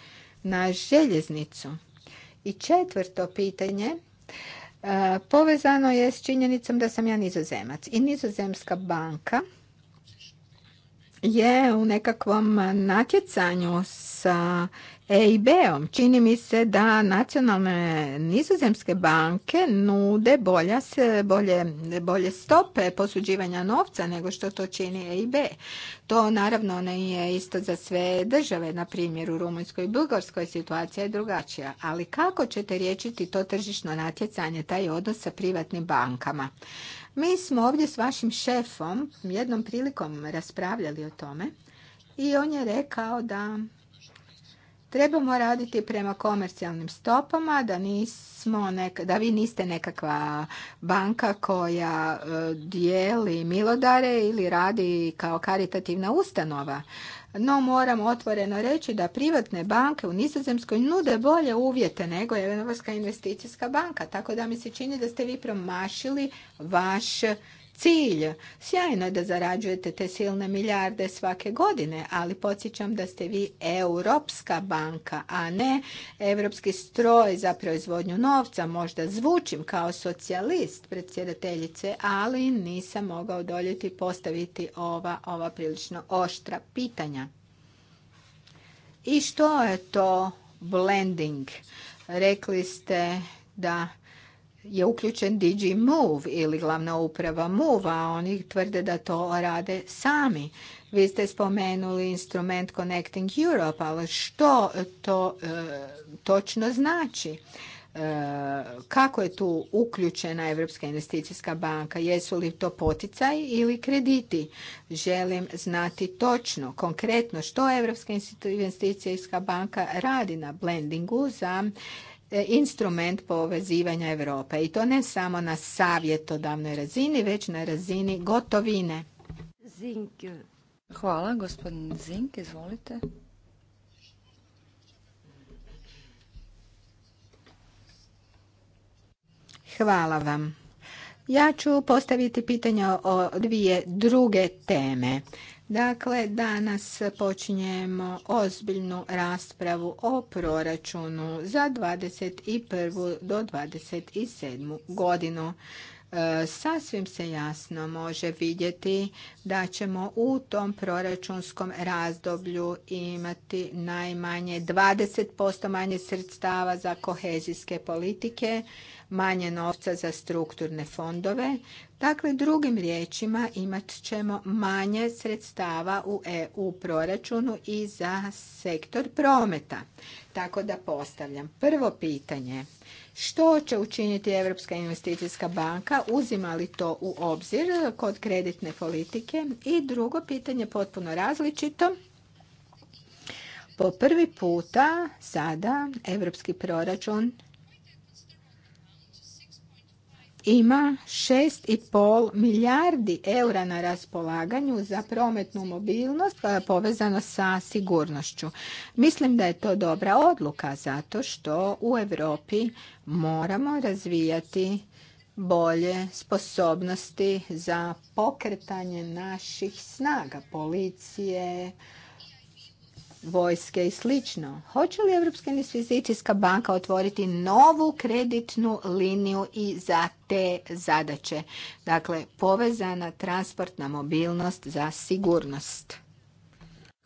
na željeznicu. I četvrto pitanje, E, povezano je s činjenicom da sam ja nizozemac i nizozemska banka je u nekakvom natjecanju sa EIB-om. Čini mi se da nacionalne nizozemske banke nude bolja bolje, bolje stope posuđivanja novca nego što to čini EIB. To naravno ne je isto za sve države, na primjer u Rumunjskoj i Bugarskoj situacija je drugačija. Ali kako ćete riječiti to tržišno natjecanje, taj odnos sa privatnim bankama? Mi smo ovdje s vašim šefom jednom prilikom raspravljali o tome i on je rekao da Trebamo raditi prema komercijalnim stopama, da, nismo neka, da vi niste nekakva banka koja e, dijeli milodare ili radi kao karitativna ustanova. No moram otvoreno reći da privatne banke u Nizozemskoj nude bolje uvjete nego Europska investicijska banka, tako da mi se čini da ste vi promašili vaš cilj. Sjajno je da zarađujete te silne milijarde svake godine, ali podsjećam da ste vi Europska banka, a ne Europski stroj za proizvodnju novca. Možda zvučim kao socijalist predsjedateljice, ali nisam mogao odoljeti postaviti ova, ova prilično oštra pitanja. I što je to blending? Rekli ste da je uključen DG Move ili glavna uprava Move, a oni tvrde da to rade sami. Vi ste spomenuli instrument Connecting Europe, ali što to e, točno znači? E, kako je tu uključena Europska investicijska banka? Jesu li to poticaj ili krediti? Želim znati točno, konkretno što Europska investicijska banka radi na blendingu za E, instrument povezivanja Europe i to ne samo na savjetodavnoj razini, već na razini gotovine. Hvala, gospodin Zink, izvolite. Hvala vam. Ja ću postaviti pitanja o dvije druge teme. Dakle, danas počinjemo ozbiljnu raspravu o proračunu za 21. do 27. godinu. E, sasvim se jasno može vidjeti da ćemo u tom proračunskom razdoblju imati najmanje 20% manje sredstava za kohezijske politike, manje novca za strukturne fondove. Dakle, drugim riječima imat ćemo manje sredstava u EU proračunu i za sektor prometa. Tako da postavljam prvo pitanje što će učiniti Europska investicijska banka, uzima li to u obzir kod kreditne politike? I drugo pitanje, potpuno različito. Po prvi puta sada europski proračun ima 6,5 milijardi eura na raspolaganju za prometnu mobilnost koja je povezana sa sigurnošću. Mislim da je to dobra odluka zato što u Europi moramo razvijati bolje sposobnosti za pokretanje naših snaga, policije, vojske i slično. Hoće li Europska investicijska banka otvoriti novu kreditnu liniju i za te zadaće? Dakle, povezana transportna mobilnost za sigurnost.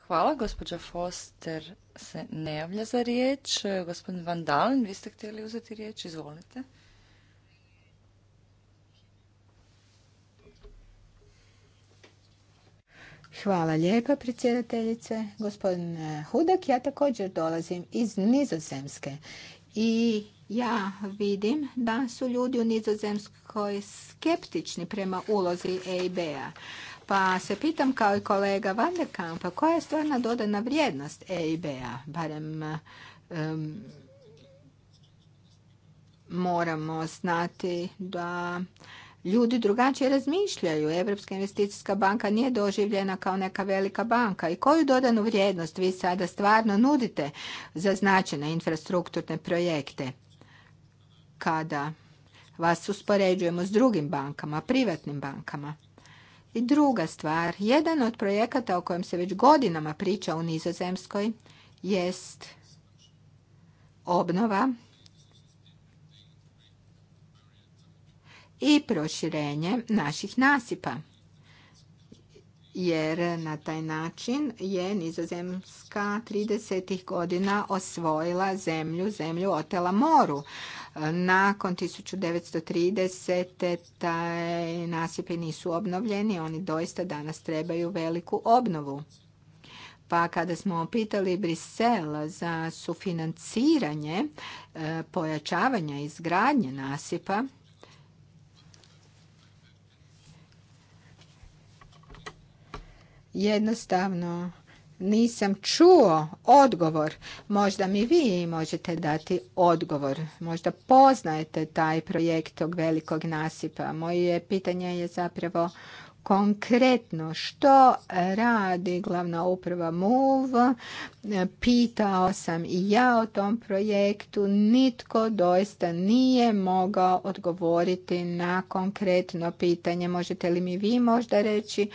Hvala, gospođa Foster se ne javlja za riječ. Gospodin Van Dalen, vi ste htjeli uzeti riječ, izvolite. Hvala lijepa predsjedateljice. Gospodin e, Hudak, ja također dolazim iz Nizozemske i ja vidim da su ljudi u Nizozemskoj skeptični prema ulozi EIB-a. Pa se pitam kao i kolega Van der Kampa, koja je stvarna dodana vrijednost EIB-a? Barem moramo znati da ljudi drugačije razmišljaju. Europska investicijska banka nije doživljena kao neka velika banka. I koju dodanu vrijednost vi sada stvarno nudite za značajne infrastrukturne projekte? Kada vas uspoređujemo s drugim bankama, privatnim bankama. I druga stvar, jedan od projekata o kojem se već godinama priča u Nizozemskoj jest obnova i proširenje naših nasipa jer na taj način je nizozemska 30. godina osvojila zemlju, zemlju otela moru. Nakon 1930. taj nasipi nisu obnovljeni, oni doista danas trebaju veliku obnovu. Pa kada smo pitali Brisel za sufinanciranje e, pojačavanja izgradnje nasipa, jednostavno nisam čuo odgovor. Možda mi vi možete dati odgovor. Možda poznajete taj projekt tog velikog nasipa. Moje pitanje je zapravo konkretno što radi glavna uprava MUV. Pitao sam i ja o tom projektu. Nitko doista nije mogao odgovoriti na konkretno pitanje. Možete li mi vi možda reći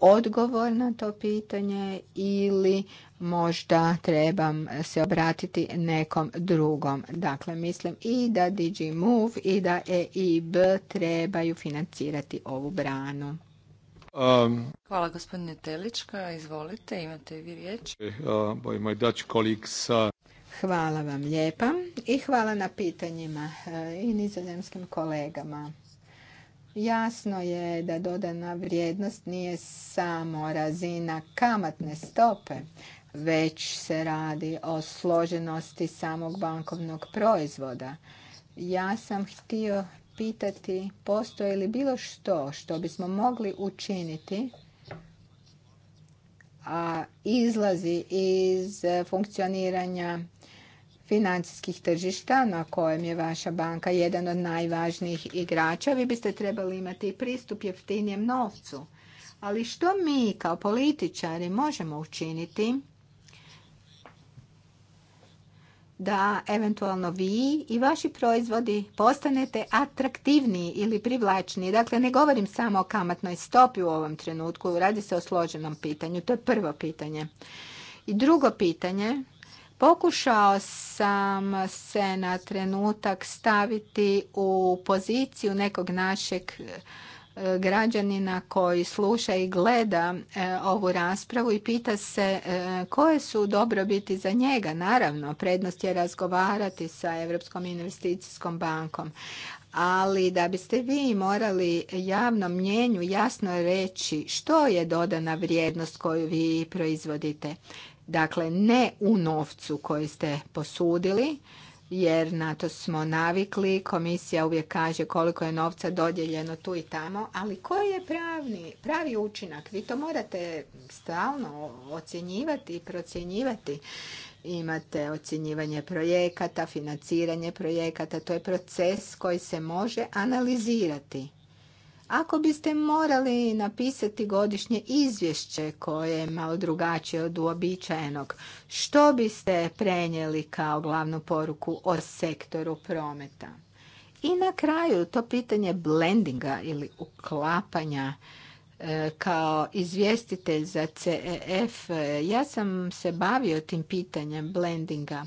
odgovor na to pitanje ili možda trebam se obratiti nekom drugom. Dakle, mislim i da DigiMove i da EIB trebaju financirati ovu branu. Um, hvala gospodine Telička, izvolite, imate vi riječ. Uh, Hvala vam lijepa i hvala na pitanjima eh, i nizozemskim kolegama. Jasno je da dodana vrijednost nije samo razina kamatne stope, već se radi o složenosti samog bankovnog proizvoda. Ja sam htio pitati postoji li bilo što što bismo mogli učiniti a izlazi iz funkcioniranja financijskih tržišta na kojem je vaša banka jedan od najvažnijih igrača, vi biste trebali imati pristup jeftinijem novcu. Ali što mi kao političari možemo učiniti da eventualno vi i vaši proizvodi postanete atraktivniji ili privlačniji. Dakle, ne govorim samo o kamatnoj stopi u ovom trenutku, radi se o složenom pitanju. To je prvo pitanje. I drugo pitanje, Pokušao sam se na trenutak staviti u poziciju nekog našeg e, građanina koji sluša i gleda e, ovu raspravu i pita se e, koje su dobrobiti za njega. Naravno, prednost je razgovarati sa Europskom investicijskom bankom, ali da biste vi morali javnom mjenju jasno reći što je dodana vrijednost koju vi proizvodite. Dakle, ne u novcu koji ste posudili, jer na to smo navikli. Komisija uvijek kaže koliko je novca dodijeljeno tu i tamo, ali koji je pravni, pravi učinak? Vi to morate stalno ocjenjivati i procjenjivati. Imate ocjenjivanje projekata, financiranje projekata, to je proces koji se može analizirati. Ako biste morali napisati godišnje izvješće koje je malo drugačije od uobičajenog, što biste prenijeli kao glavnu poruku o sektoru prometa? I na kraju to pitanje blendinga ili uklapanja e, kao izvjestitelj za CEF, e, ja sam se bavio tim pitanjem blendinga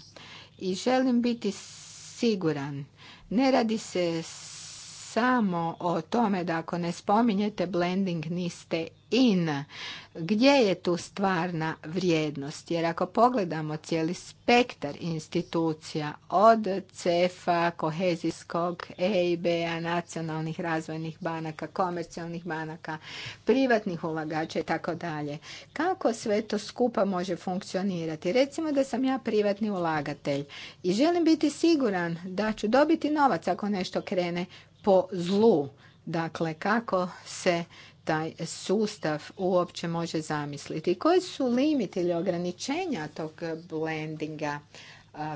i želim biti siguran. Ne radi se samo o tome da ako ne spominjete blending niste in. Gdje je tu stvarna vrijednost? Jer ako pogledamo cijeli spektar institucija od CEFA, kohezijskog, EIB-a, nacionalnih razvojnih banaka, komercijalnih banaka, privatnih ulagača i tako dalje. Kako sve to skupa može funkcionirati? Recimo da sam ja privatni ulagatelj i želim biti siguran da ću dobiti novac ako nešto krene po zlu. Dakle, kako se taj sustav uopće može zamisliti. Koji su limiti ili ograničenja tog blendinga?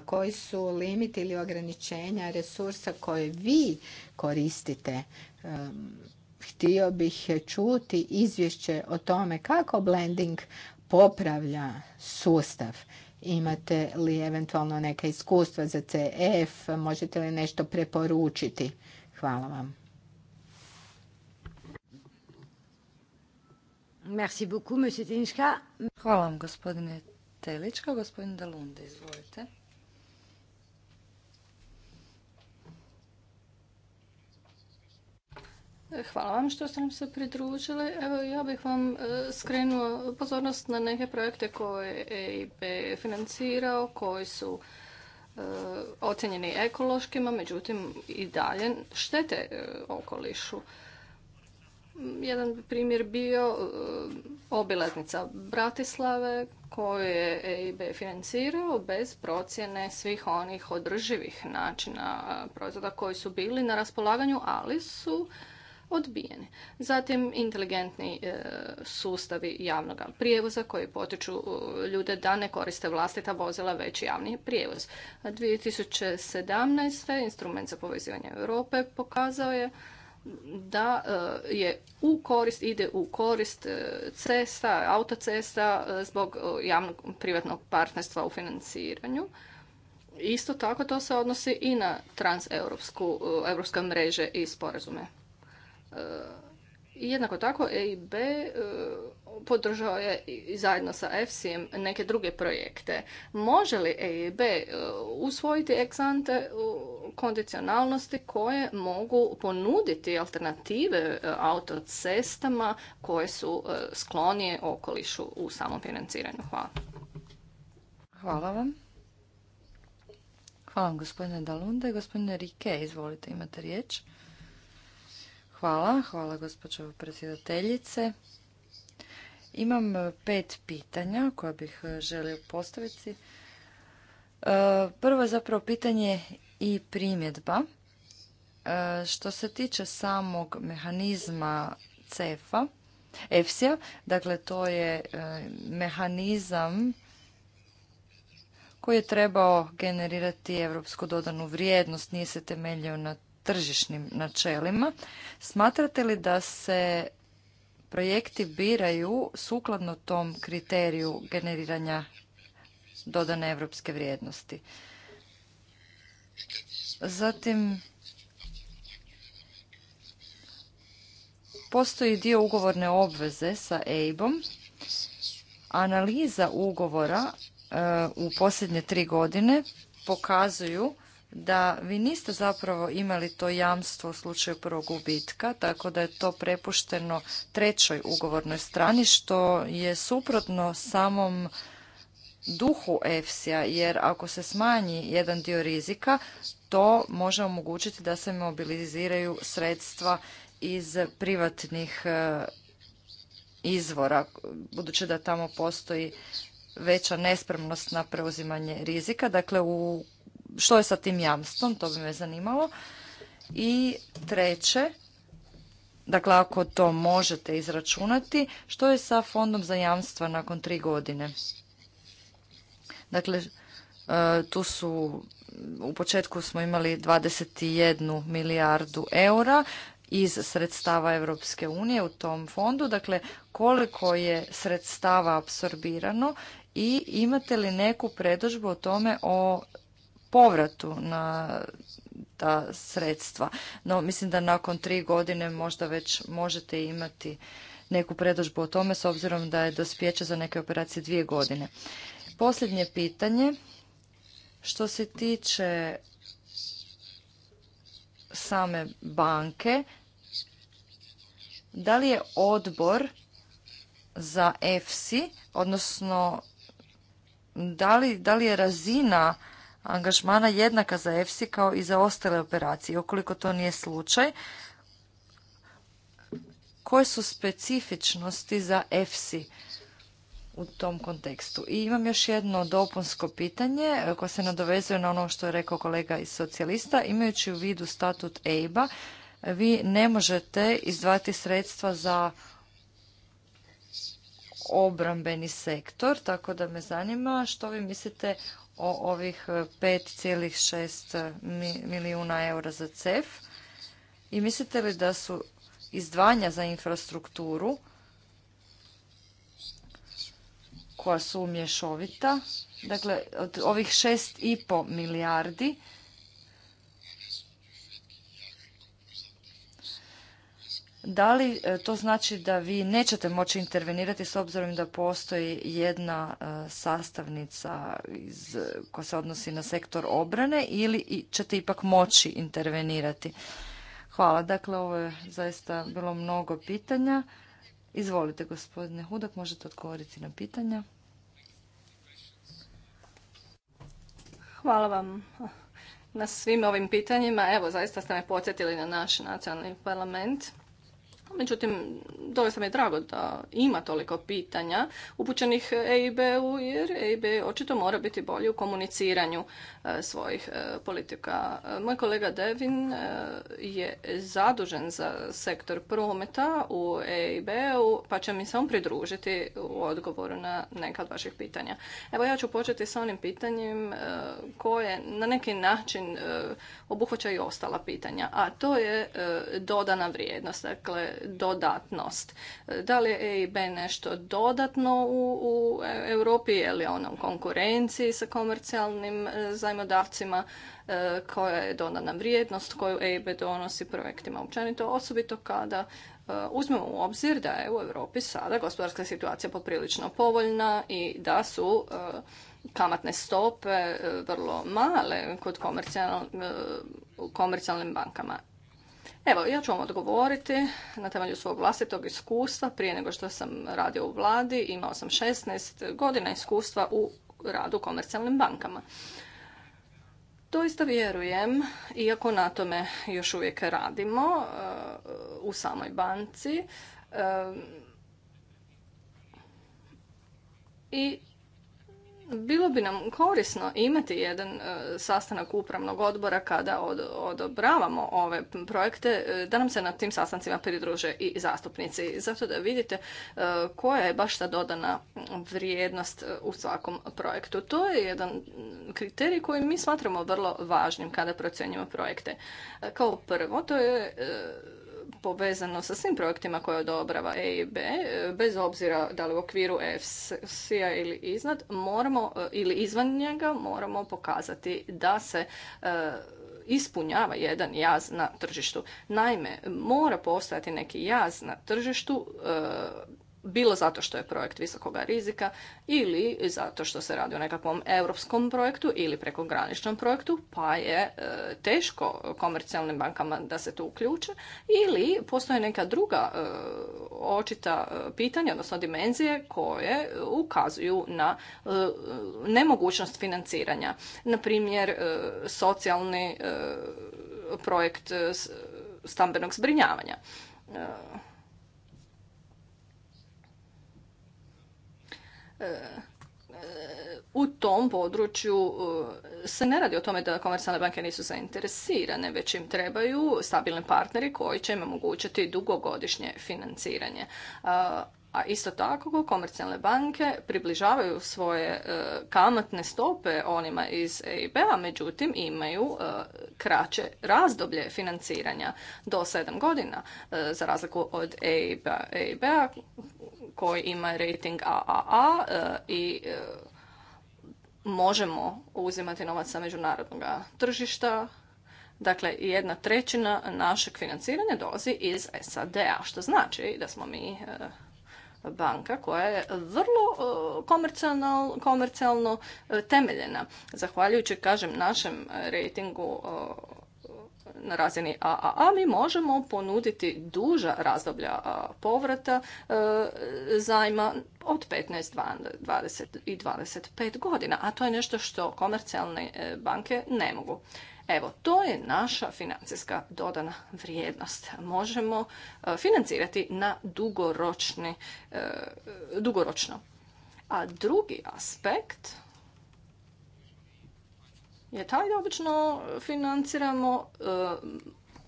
Koji su limiti ili ograničenja resursa koje vi koristite? Htio bih čuti izvješće o tome kako blending popravlja sustav. Imate li eventualno neka iskustva za CF? Možete li nešto preporučiti? Hvala vam. Merci beaucoup, Hvala vam, gospodine Telička. Gospodin Dalunde, izvolite. Hvala vam što ste nam se pridružili. Evo, ja bih vam e, skrenuo pozornost na neke projekte koje je EIB financirao, koji su E, ocjenjeni ekološkima, međutim i dalje štete e, okolišu. Jedan primjer bio e, obilaznica Bratislave koju je EIB financirao bez procjene svih onih održivih načina proizvoda koji su bili na raspolaganju, ali su odbijeni. Zatim inteligentni e, sustavi javnog prijevoza koji potiču e, ljude da ne koriste vlastita vozila već javni prijevoz. 2017. instrument za povezivanje Europe pokazao je da e, je u korist, ide u korist cesta, autocesta zbog javnog privatnog partnerstva u financiranju. Isto tako to se odnosi i na transeuropsku, europske mreže i sporazume. I jednako tako EIB e, podržao je zajedno sa EFSI-em neke druge projekte. Može li EIB e, usvojiti eksante e, kondicionalnosti koje mogu ponuditi alternative autocestama koje su sklonije okolišu u samom financiranju? Hvala. Hvala vam. Hvala vam gospodine Dalunde. Gospodine Rike, izvolite, imate riječ. Hvala, hvala gospođo predsjedateljice. Imam pet pitanja koja bih e, želio postaviti. E, prvo je zapravo pitanje i primjedba. E, što se tiče samog mehanizma CEFA, efsi dakle to je mehanizam koji je trebao generirati europsku dodanu vrijednost, nije se temeljio na tržišnim načelima. Smatrate li da se projekti biraju sukladno tom kriteriju generiranja dodane evropske vrijednosti? Zatim, postoji dio ugovorne obveze sa EIB-om. Analiza ugovora e, u posljednje tri godine pokazuju da vi niste zapravo imali to jamstvo u slučaju prvog gubitka, tako da je to prepušteno trećoj ugovornoj strani, što je suprotno samom duhu EFSI-a, jer ako se smanji jedan dio rizika, to može omogućiti da se mobiliziraju sredstva iz privatnih e, izvora, budući da tamo postoji veća nespremnost na preuzimanje rizika. Dakle, u što je sa tim jamstvom, to bi me zanimalo. I treće, dakle ako to možete izračunati, što je sa fondom za jamstva nakon tri godine? Dakle, e, tu su, u početku smo imali 21 milijardu eura iz sredstava Europske unije u tom fondu, dakle koliko je sredstava apsorbirano i imate li neku predožbu o tome o povratu na ta sredstva. No, mislim da nakon tri godine možda već možete imati neku predožbu o tome s obzirom da je dospjeće za neke operacije dvije godine. Posljednje pitanje, što se tiče same banke, da li je odbor za EFSI, odnosno da li je razina angažmana jednaka za EFSI kao i za ostale operacije. Ukoliko to nije slučaj, koje su specifičnosti za EFSI u tom kontekstu? I imam još jedno dopunsko pitanje e, koje se nadovezuje na ono što je rekao kolega iz socijalista. Imajući u vidu statut EIBA, vi ne možete izdvati sredstva za obrambeni sektor, tako da me zanima što vi mislite ovih 5,6 e, e, milijuna eura za CEF i mislite li da su izdvanja za infrastrukturu koja su mješovita, dakle od ovih 6,5 milijardi Da li e, to znači da vi nećete moći intervenirati s obzirom da postoji jedna e, sastavnica iz, e, koja se odnosi na sektor obrane ili ćete ipak moći intervenirati? Hvala. Dakle, ovo je zaista bilo mnogo pitanja. Izvolite, gospodine Hudak, možete odgovoriti na pitanja. Hvala vam na svim ovim pitanjima. Evo, zaista ste me podsjetili na naš nacionalni parlament. Međutim, doista mi je drago da ima toliko pitanja upućenih EIB-u jer EIB očito mora biti bolji u komuniciranju e, svojih e, politika. Moj kolega Devin e, je zadužen za sektor prometa u EIB-u pa će mi se on pridružiti u odgovoru na neka od vaših pitanja. Evo ja ću početi sa onim pitanjem koje na neki način obuhvaća i ostala pitanja, a to je dodana vrijednost. Dakle, dodatnost. Da li je EIB nešto dodatno u, u Europi, je li ono u konkurenciji sa komercijalnim e, zajmodavcima, e, koja je dodana vrijednost koju EIB donosi projektima općenito, osobito kada e, uzmemo u obzir da je u Europi sada gospodarska situacija poprilično povoljna i da su kamatne stope vrlo male kod komercijalnim bankama. Evo, ja ću vam odgovoriti na temelju svog vlastitog iskustva. Prije nego što sam radio u vladi, imao sam 16 godina iskustva u radu u komercijalnim bankama. Doista vjerujem, iako na tome još uvijek radimo e, u samoj banci, e, i bilo bi nam korisno imati jedan e, sastanak upravnog odbora kada odobravamo ove projekte, e, da nam se na tim sastancima pridruže i zastupnici, zato da vidite e, koja je baš ta dodana vrijednost u svakom projektu. To je jedan kriterij koji mi smatramo vrlo važnim kada procjenjujemo projekte. Kao prvo, to je povezano sa svim projektima koje odobrava EIB, e, bez obzira da li u okviru EFSI-a ili iznad, moramo, e, ili izvan njega, moramo pokazati da se e, ispunjava jedan jaz na tržištu. Naime, mora postojati neki jaz na tržištu bilo zato što je projekt visokoga rizika ili zato što se radi o nekakvom europskom projektu ili prekograničnom projektu, pa je e, teško komercijalnim bankama da se tu uključe ili postoje neka druga e, očita e, pitanja, odnosno dimenzije koje ukazuju na nemogućnost financiranja. Na primjer, socijalni projekt stambenog zbrinjavanja u tom području e, se ne radi o tome da komercijalne banke nisu zainteresirane, već im trebaju stabilni partneri koji će im omogućiti dugogodišnje financiranje. A isto tako komercijalne banke približavaju svoje e, kamatne stope onima iz EIB-a, međutim imaju e, kraće razdoblje financiranja do sedam godina, za razliku od EIB-a koji ima rating AAA e, i e, možemo uzimati novac sa međunarodnog tržišta. Dakle, jedna trećina našeg financiranja dolazi iz SAD-a, što znači da smo mi e, banka koja je vrlo komercijalno, komercijalno temeljena. Zahvaljujući, kažem, našem ratingu na razini AAA mi možemo ponuditi duža razdoblja povrata e, zajma od 15, 20 i 25 godina, a to je nešto što komercijalne e, banke ne mogu. Evo, to je naša financijska dodana vrijednost. Možemo e, financirati na dugoročni, dugoročno. A drugi aspekt je taj da obično financiramo eh,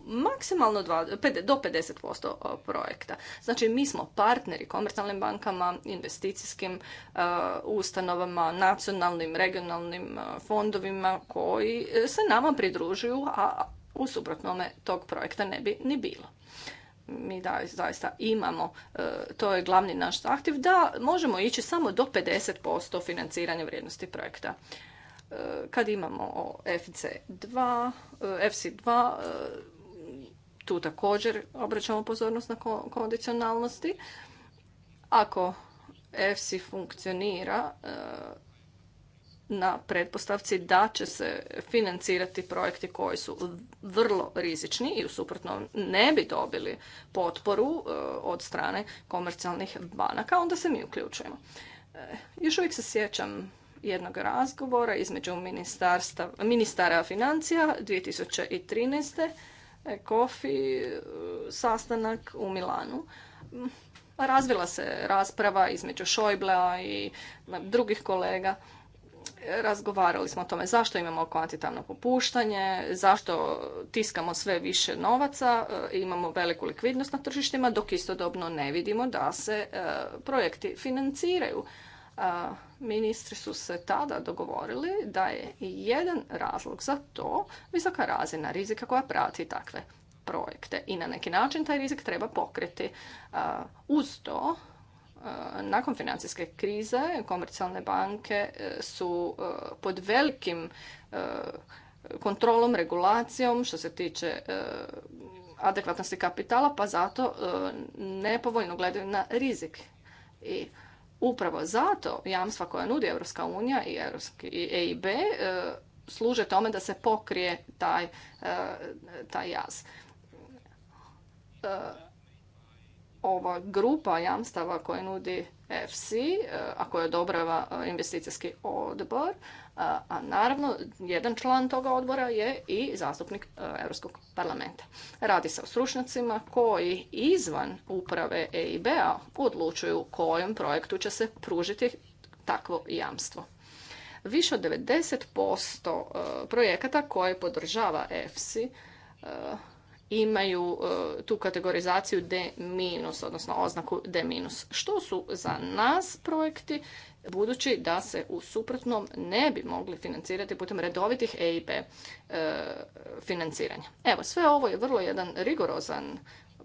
maksimalno do 50% eh, projekta. Znači mi smo partneri komercijalnim bankama, investicijskim eh, ustanovama, nacionalnim, regionalnim fondovima koji se nama pridružuju, a u suprotnome tog projekta ne bi ni bilo. Mi da, zaista imamo, to je glavni naš zahtjev, da možemo ići samo do 50% financiranja vrijednosti projekta. E, kad imamo FC2, FC2, e, e, tu također obraćamo pozornost na kondicionalnosti. Ako FC funkcionira na pretpostavci da će se financirati projekti koji su vrlo rizični i u ne bi dobili potporu od strane komercijalnih banaka, onda se mi uključujemo. Još uvijek se sjećam jednog razgovora između ministara financija 2013. Kofi sastanak u Milanu. Razvila se rasprava između Šojblea i drugih kolega. Razgovarali smo o tome zašto imamo kvantitavno popuštanje, zašto tiskamo sve više novaca, e, imamo veliku likvidnost na tržištima, dok istodobno ne vidimo da se e, projekti financiraju. Ministri su se tada dogovorili da je jedan razlog za to visoka razina rizika koja prati takve projekte i na neki način taj rizik treba pokriti. Uz to, nakon financijske krize, komercijalne banke e, su e, pod velikim e, kontrolom, regulacijom što se tiče adekvatnosti kapitala, pa zato nepovoljno gledaju na rizik. I Upravo zato jamstva koja nudi Europska unija i EIB e e, služe tome da se pokrije taj, e, taj jaz. Ova grupa jamstava koje nudi FC, a koje odobrava investicijski odbor, a naravno jedan član toga odbora je i zastupnik e, Europskog parlamenta. Radi se o stručnjacima koji izvan uprave EIB-a odlučuju kojem projektu će se pružiti takvo jamstvo. Više od 90% e, projekata koje podržava EFSI e, imaju e, tu kategorizaciju D-, minus, odnosno oznaku D-. minus. Što su za nas projekti, budući da se u suprotnom ne bi mogli financirati putem redovitih EIP e, financiranja. Evo, sve ovo je vrlo jedan rigorozan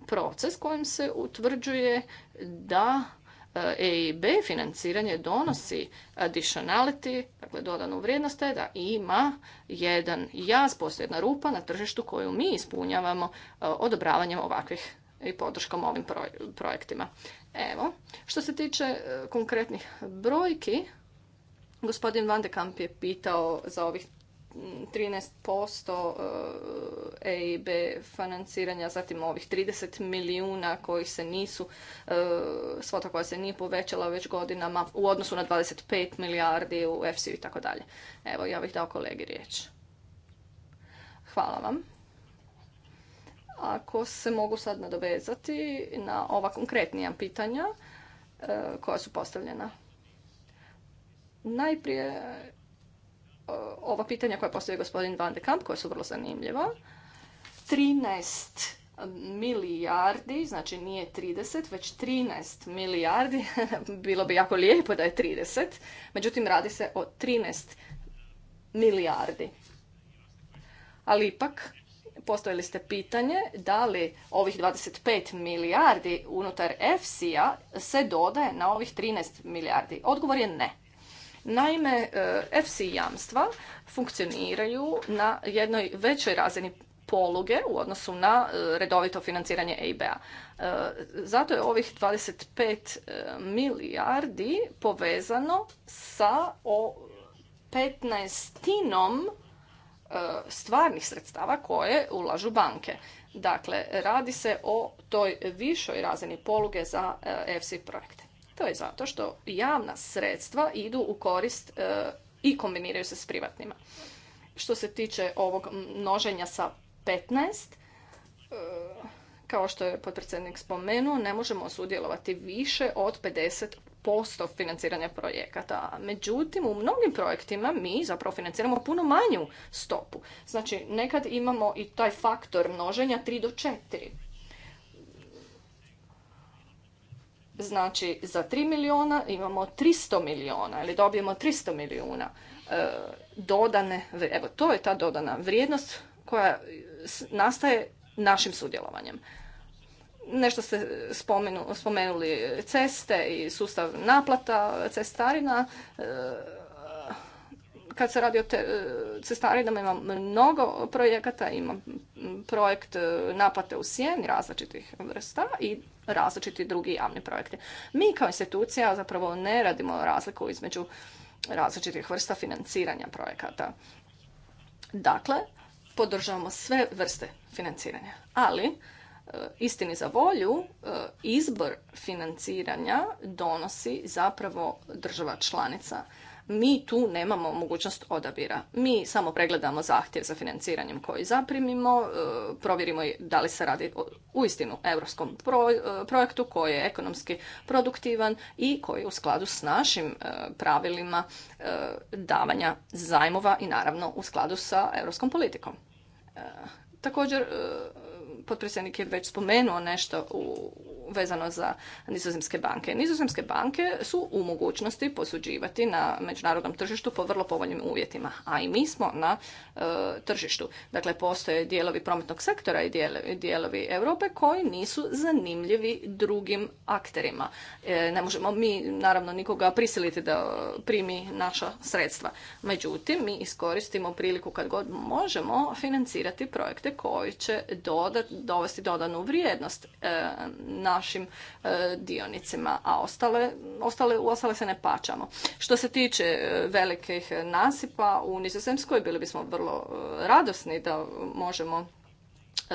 proces kojim se utvrđuje da EIB e financiranje donosi additionality, dakle dodanu vrijednost, da ima jedan jaz, postoji jedna rupa na tržištu koju mi ispunjavamo e, odobravanjem ovakvih i podrškom ovim projektima. Evo, što se tiče e, konkretnih brojki, gospodin Van de Kamp je pitao za ovih 13% EIB eh, e financiranja, zatim ovih 30 milijuna koji se nisu, eh, svota koja se nije povećala već godinama u odnosu na 25 milijardi u FC i tako dalje. Evo, ja bih dao kolegi riječ. Hvala vam. Ako se mogu sad nadovezati na ova konkretnija pitanja eh, koja su postavljena. Najprije ova pitanja koja postoji gospodin Van de Kamp, koja su vrlo zanimljiva. 13 milijardi, znači nije 30, već 13 milijardi, bilo bi jako lijepo da je 30, međutim radi se o 13 milijardi. Ali ipak, postavili ste pitanje da li ovih 25 milijardi unutar fc a se dodaje na ovih 13 milijardi. Odgovor je ne. Naime, e, FC jamstva funkcioniraju na jednoj većoj razini poluge u odnosu na e, redovito financiranje EIB-a. E, zato je ovih 25 milijardi povezano sa o petnaestinom stvarnih sredstava koje ulažu banke. Dakle, radi se o toj višoj razini poluge za FC projekt. To je zato što javna sredstva idu u korist e, i kombiniraju se s privatnima. Što se tiče ovog množenja sa 15, e, kao što je potpredsjednik spomenuo, ne možemo sudjelovati više od 50% financiranja projekata. Međutim, u mnogim projektima mi zapravo financiramo puno manju stopu. Znači, nekad imamo i taj faktor množenja 3 do 4 Znači, za 3 milijuna imamo 300 milijuna ili dobijemo 300 milijuna e, dodane, evo to je ta dodana vrijednost koja nastaje našim sudjelovanjem. Nešto ste spomenuli ceste i sustav naplata cestarina. E, kad se radi o e, cestarinama ima mnogo projekata, ima projekt naplate u sjeni različitih vrsta i različiti drugi javni projekti. Mi kao institucija zapravo ne radimo razliku između različitih vrsta financiranja projekata. Dakle, podržavamo sve vrste financiranja, ali e, istini za volju, e, izbor financiranja donosi zapravo država članica mi tu nemamo mogućnost odabira. Mi samo pregledamo zahtjev za financiranjem koji zaprimimo, e, provjerimo da li se radi u istinu europskom e, projektu koji je ekonomski produktivan i koji je u skladu s našim e, pravilima davanja zajmova i naravno u skladu sa europskom politikom. Također, potpredsjednik je već spomenuo nešto u vezano za nizozemske banke. Nizozemske banke su u mogućnosti posuđivati na međunarodnom tržištu po vrlo povoljnim uvjetima, a i mi smo na e, tržištu. Dakle, postoje dijelovi prometnog sektora i dijelovi, Europe koji nisu zanimljivi drugim akterima. E, ne možemo mi, naravno, nikoga prisiliti da e, primi naša sredstva. Međutim, mi iskoristimo priliku kad god možemo financirati projekte koji će dovesti dodanu vrijednost na našim e, dionicima, a ostale, ostale, u ostale se ne pačamo. Što se tiče e, velikih nasipa u Nizozemskoj, bili bismo vrlo e, radosni da možemo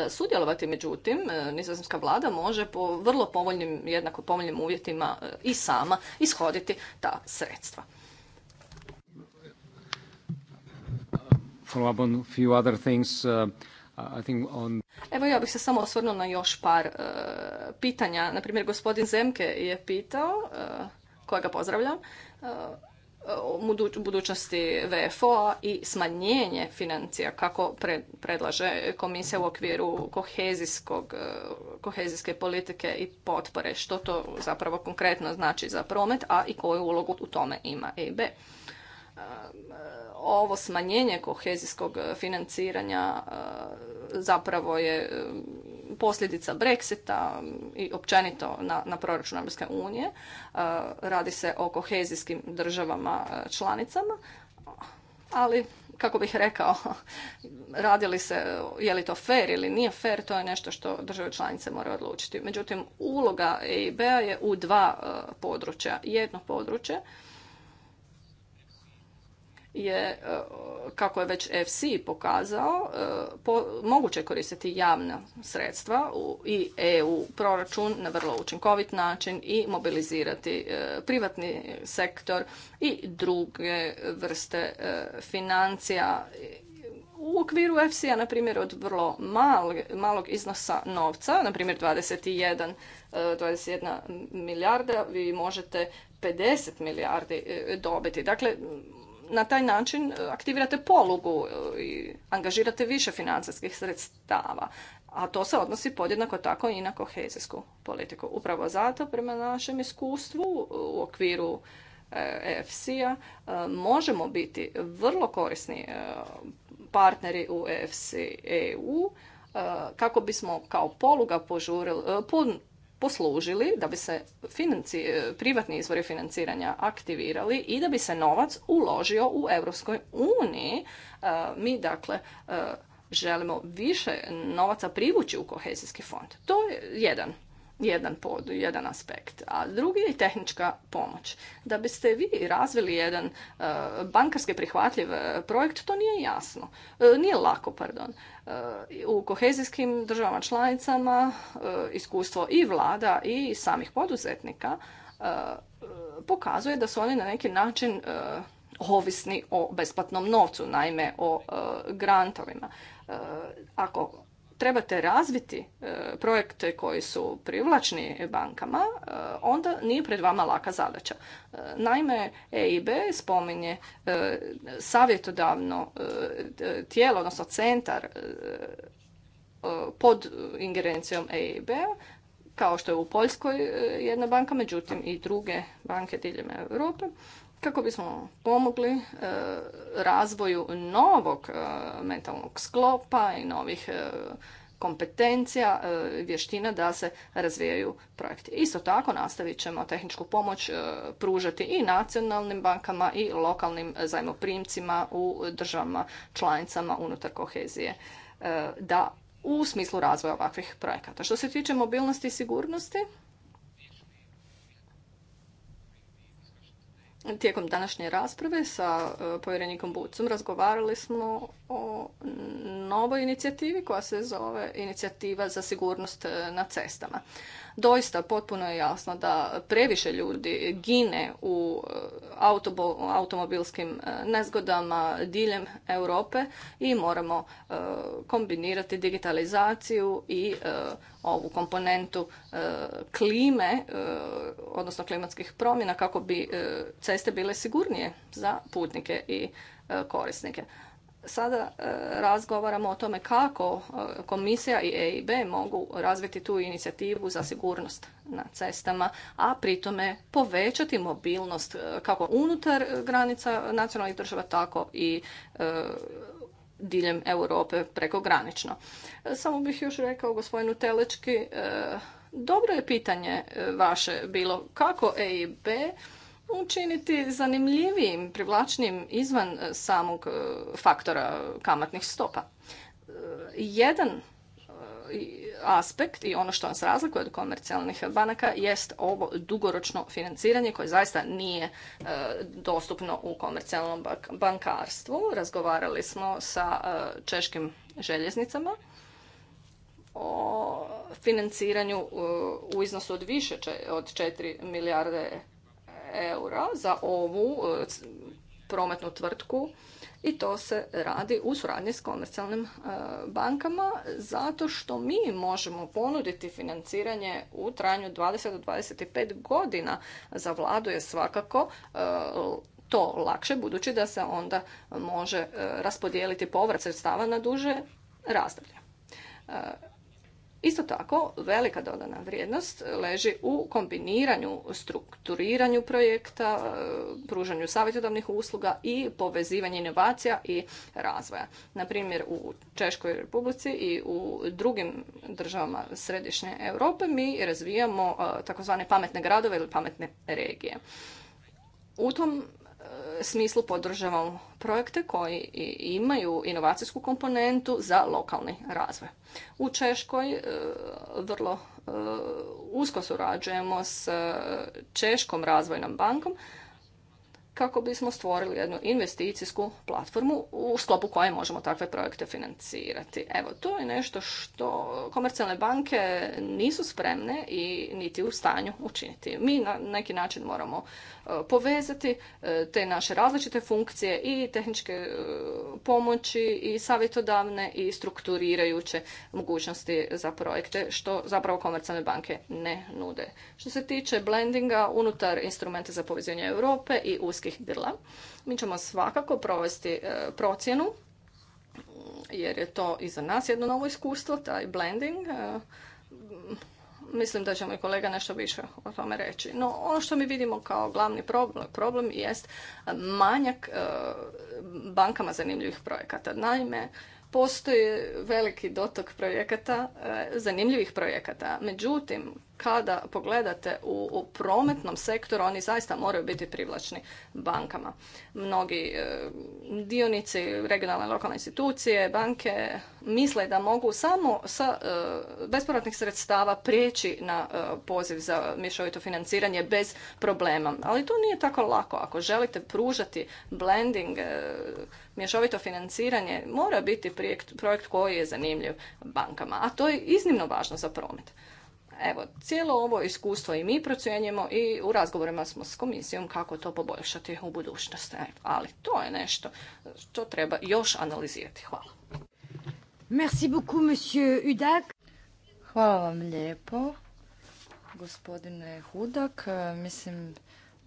sudjelovati. Međutim, nizozemska vlada može po vrlo povoljnim, jednako povoljnim uvjetima i sama ishoditi ta sredstva. other things. Uh, Evo ja bih se samo osvrnuo na još par e, pitanja. Na primjer, gospodin Zemke je pitao, koja e, kojega pozdravljam, e, o budućnosti VFO-a i smanjenje financija kako predlaže komisija u okviru kohezijskog, kohezijske politike i potpore. Što to zapravo konkretno znači za promet, a i koju ulogu u tome ima EIB ovo smanjenje kohezijskog e, financiranja e, zapravo je e, posljedica Brexita i općenito na, na proračun Europske unije. Radi se o kohezijskim državama članicama, ali kako bih rekao, radili se, je li to fair ili nije fair, to je nešto što države članice moraju odlučiti. Međutim, uloga EIB-a je u dva područja. Jedno područje je, e, kako je već FC pokazao, e, moguće koristiti javna sredstva u, i EU proračun na vrlo učinkovit način i mobilizirati e, privatni sektor i druge vrste financija u okviru EFSI-a, na primjer, od vrlo malog, iznosa novca, na primjer 21, 21 milijarda, vi možete 50 milijardi dobiti. Dakle, na taj način e, aktivirate polugu e, i angažirate više financijskih sredstava. A to se odnosi podjednako tako i na kohezijsku politiku. Upravo zato, prema našem iskustvu e, u okviru EFC-a, možemo biti vrlo korisni partneri u EFC EU kako bismo kao poluga požurili, poslužili da bi se e, privatni izvori financiranja aktivirali i da bi se novac uložio u Europskoj uniji. E, mi dakle e, želimo više novaca privući u kohezijski fond. To je jedan jedan, pod, jedan aspekt, a drugi je tehnička pomoć. Da biste vi razvili jedan e, bankarski prihvatljiv e, projekt, to nije jasno. E, nije lako, pardon. U kohezijskim državama članicama iskustvo i vlada i samih poduzetnika pokazuje da su oni na neki način ovisni o besplatnom novcu, naime o grantovima. Ako trebate razviti e, projekte koji su privlačni bankama, e, onda nije pred vama laka zadaća. E, naime, EIB spominje savjetodavno tijelo, odnosno centar pod ingerencijom eib kao što je u Poljskoj jedna banka, međutim i druge banke diljem Europe kako bismo pomogli e, razvoju novog e, mentalnog sklopa i novih e, kompetencija, vještina da se razvijaju projekti. Isto tako nastavit ćemo tehničku pomoć pružati i nacionalnim bankama i lokalnim zajmoprimcima u državama članicama unutar kohezije da u smislu razvoja ovakvih projekata. Što se tiče mobilnosti i sigurnosti, Tijekom današnje rasprave sa e, povjerenikom Bucom razgovarali smo o novoj inicijativi koja se zove Inicijativa za sigurnost e, na cestama. Doista potpuno je jasno da previše ljudi gine u e, automobilskim e, nezgodama diljem Europe i moramo e, kombinirati digitalizaciju i ovu komponentu klime, odnosno klimatskih promjena kako bi ceste bile sigurnije za putnike i korisnike sada e, razgovaramo o tome kako e, komisija i EIB mogu razviti tu inicijativu za sigurnost na cestama, a pritome povećati mobilnost e, kako unutar granica nacionalnih država, tako i diljem Europe prekogranično. Samo bih još rekao gospodinu Telečki, dobro je pitanje vaše bilo kako EIB učiniti zanimljivijim, privlačnijim izvan e, samog e, faktora kamatnih stopa. E, jedan aspekt i ono što nas razlikuje od komercijalnih banaka jest ovo dugoročno financiranje koje zaista nije dostupno u komercijalnom bankarstvu. Razgovarali smo sa češkim željeznicama o financiranju u iznosu od više od 4 milijarde eura za ovu e, prometnu tvrtku i to se radi u suradnji s komercijalnim e, bankama zato što mi možemo ponuditi financiranje u trajanju 20 do 25 godina za vladu je svakako e, to lakše budući da se onda može raspodijeliti povrat sredstava na duže razdoblje. Isto tako, velika dodana vrijednost leži u kombiniranju, strukturiranju projekta, e, pružanju savjetodavnih usluga i povezivanju inovacija i razvoja. Na primjer, u Češkoj republici i u drugim državama središnje Europe mi razvijamo e, takozvane pametne gradove ili pametne regije. U tom smislu podržavamo projekte koji imaju inovacijsku komponentu za lokalni razvoj. U Češkoj e, vrlo e, usko surađujemo s e, Češkom razvojnom bankom, kako bismo stvorili jednu investicijsku platformu u sklopu koje možemo takve projekte financirati. Evo, to je nešto što komercijalne banke nisu spremne i niti u stanju učiniti. Mi na neki način moramo e, povezati e, te naše različite funkcije i tehničke e, pomoći i savjetodavne i strukturirajuće mogućnosti za projekte što zapravo komercijalne banke ne nude. Što se tiče blendinga unutar instrumente za povezanje Europe i uske ljudskih grla. Mi ćemo svakako provesti e, procjenu mm, jer je to i za nas jedno novo iskustvo, taj blending. E, mm, mislim da će moj kolega nešto više o tome reći. No, ono što mi vidimo kao glavni problem, problem jest manjak e, bankama zanimljivih projekata. Naime, postoji veliki dotok projekata, zanimljivih projekata. Međutim, kada pogledate u, u prometnom sektoru, oni zaista moraju biti privlačni bankama. Mnogi e, dionici, regionalne lokalne institucije, banke misle da mogu samo sa e, bespovratnih sredstava prijeći na e, poziv za mješovito financiranje bez problema. Ali to nije tako lako. Ako želite pružati blending, mješovito financiranje, mora biti projekt, projekt koji je zanimljiv bankama. A to je iznimno važno za promet. Evo, cijelo ovo iskustvo i mi procjenjujemo i u razgovorima smo s komisijom kako to poboljšati u budućnosti. Ali to je nešto što treba još analizirati. Hvala. Merci beaucoup, monsieur Udak. Hvala vam lijepo, gospodine Hudak. E, mislim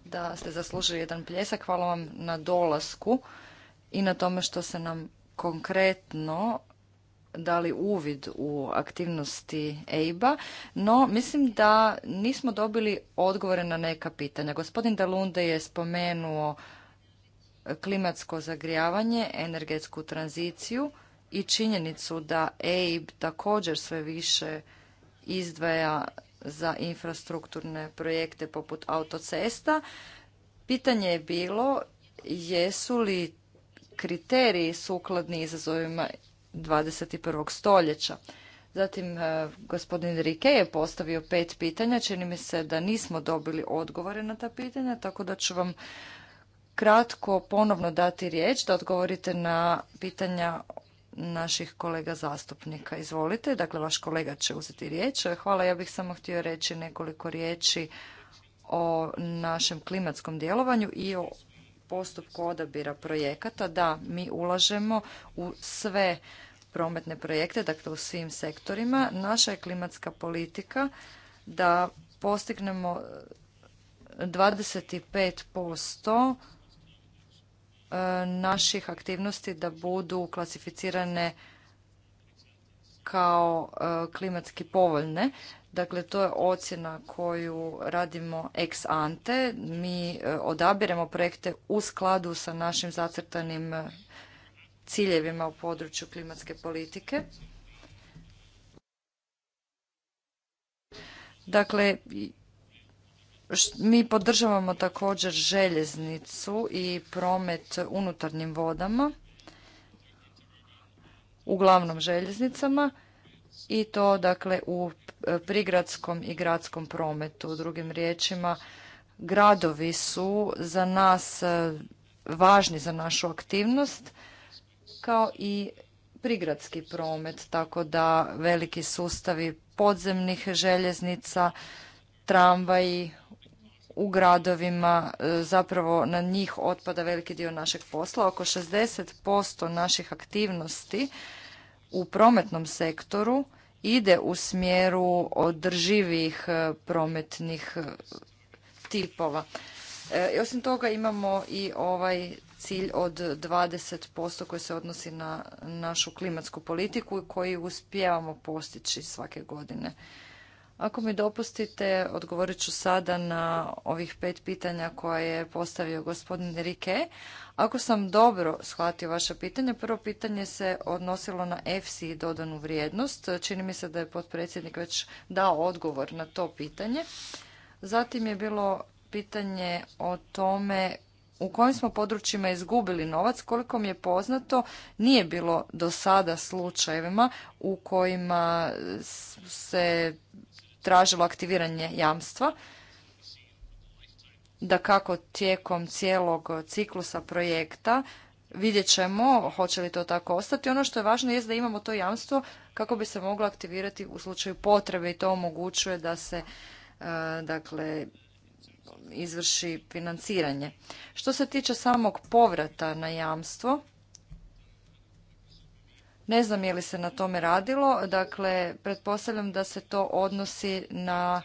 da ste zaslužili jedan pljesak. Hvala vam na dolasku i na tome što se nam konkretno dali uvid u aktivnosti EIBA, no mislim da nismo dobili odgovore na neka pitanja. Gospodin Dalunde je spomenuo klimatsko zagrijavanje, energetsku tranziciju i činjenicu da EIB također sve više izdvaja za infrastrukturne projekte poput autocesta. Pitanje je bilo jesu li kriteriji sukladni izazovima 21. stoljeća. Zatim, e, gospodin Rike je postavio pet pitanja. Čini mi se da nismo dobili odgovore na ta pitanja, tako da ću vam kratko ponovno dati riječ da odgovorite na pitanja naših kolega zastupnika. Izvolite, dakle, vaš kolega će uzeti riječ. Hvala, ja bih samo htio reći nekoliko riječi o našem klimatskom djelovanju i o postupku odabira projekata. Da, mi ulažemo u sve prometne projekte, dakle u svim sektorima. Naša je klimatska politika da postignemo 25% e, naših aktivnosti da budu klasificirane kao e, klimatski povoljne. Dakle, to je ocjena koju radimo ex ante. Mi e, odabiremo projekte u skladu sa našim zacrtanim e, ciljevima u području klimatske politike. Dakle, mi podržavamo također željeznicu i promet unutarnjim vodama, uglavnom željeznicama i to dakle u prigradskom i gradskom prometu. Drugim riječima, gradovi su za nas e, važni za našu aktivnost kao i prigradski promet, tako da veliki sustavi podzemnih željeznica, tramvaji u gradovima, e, zapravo na njih otpada veliki dio našeg posla. Oko 60% naših aktivnosti u prometnom sektoru ide u smjeru održivih e, prometnih e, tipova. E, osim toga imamo i ovaj cilj od 20% koji se odnosi na našu klimatsku politiku i koji uspijevamo postići svake godine. Ako mi dopustite, odgovorit ću sada na ovih pet pitanja koje je postavio gospodin Rike. Ako sam dobro shvatio vaše pitanje, prvo pitanje se odnosilo na EFSI i dodanu vrijednost. Čini mi se da je potpredsjednik već dao odgovor na to pitanje. Zatim je bilo pitanje o tome u kojim smo područjima izgubili novac, koliko mi je poznato, nije bilo do sada slučajevima u kojima se tražilo aktiviranje jamstva da kako tijekom cijelog ciklusa projekta vidjet ćemo hoće li to tako ostati. Ono što je važno je da imamo to jamstvo kako bi se moglo aktivirati u slučaju potrebe i to omogućuje da se e, dakle izvrši financiranje. Što se tiče samog povrata na jamstvo, ne znam je li se na tome radilo, dakle pretpostavljam da se to odnosi na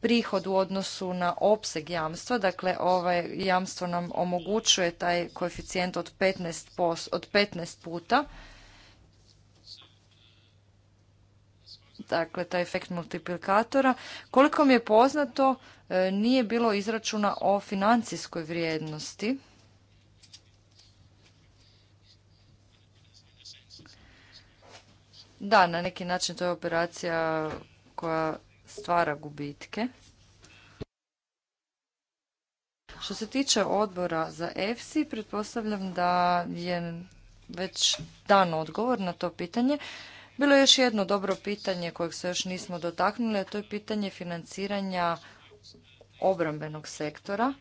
prihod u odnosu na opseg jamstva, dakle ovaj jamstvo nam omogućuje taj koeficijent od 15, od 15 puta. Dakle, taj efekt multiplikatora. Koliko mi je poznato, e, nije bilo izračuna o financijskoj vrijednosti Da, na neki način to je operacija koja stvara gubitke. Što se tiče odbora za EFSI, pretpostavljam da je već dan odgovor na to pitanje. Bilo je još jedno dobro pitanje kojeg se još nismo dotaknuli, a to je pitanje financiranja obrambenog sektora.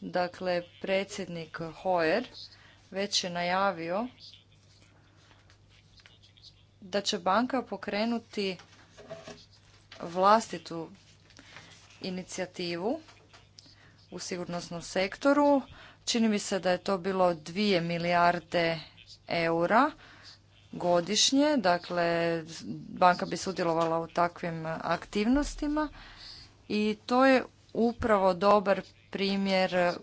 Dakle, predsjednik Hoer već je najavio da će banka pokrenuti vlastitu inicijativu u sigurnosnom sektoru. Čini mi se da je to bilo 2 milijarde eura godišnje, dakle banka bi sudjelovala u takvim aktivnostima i to je upravo dobar primjer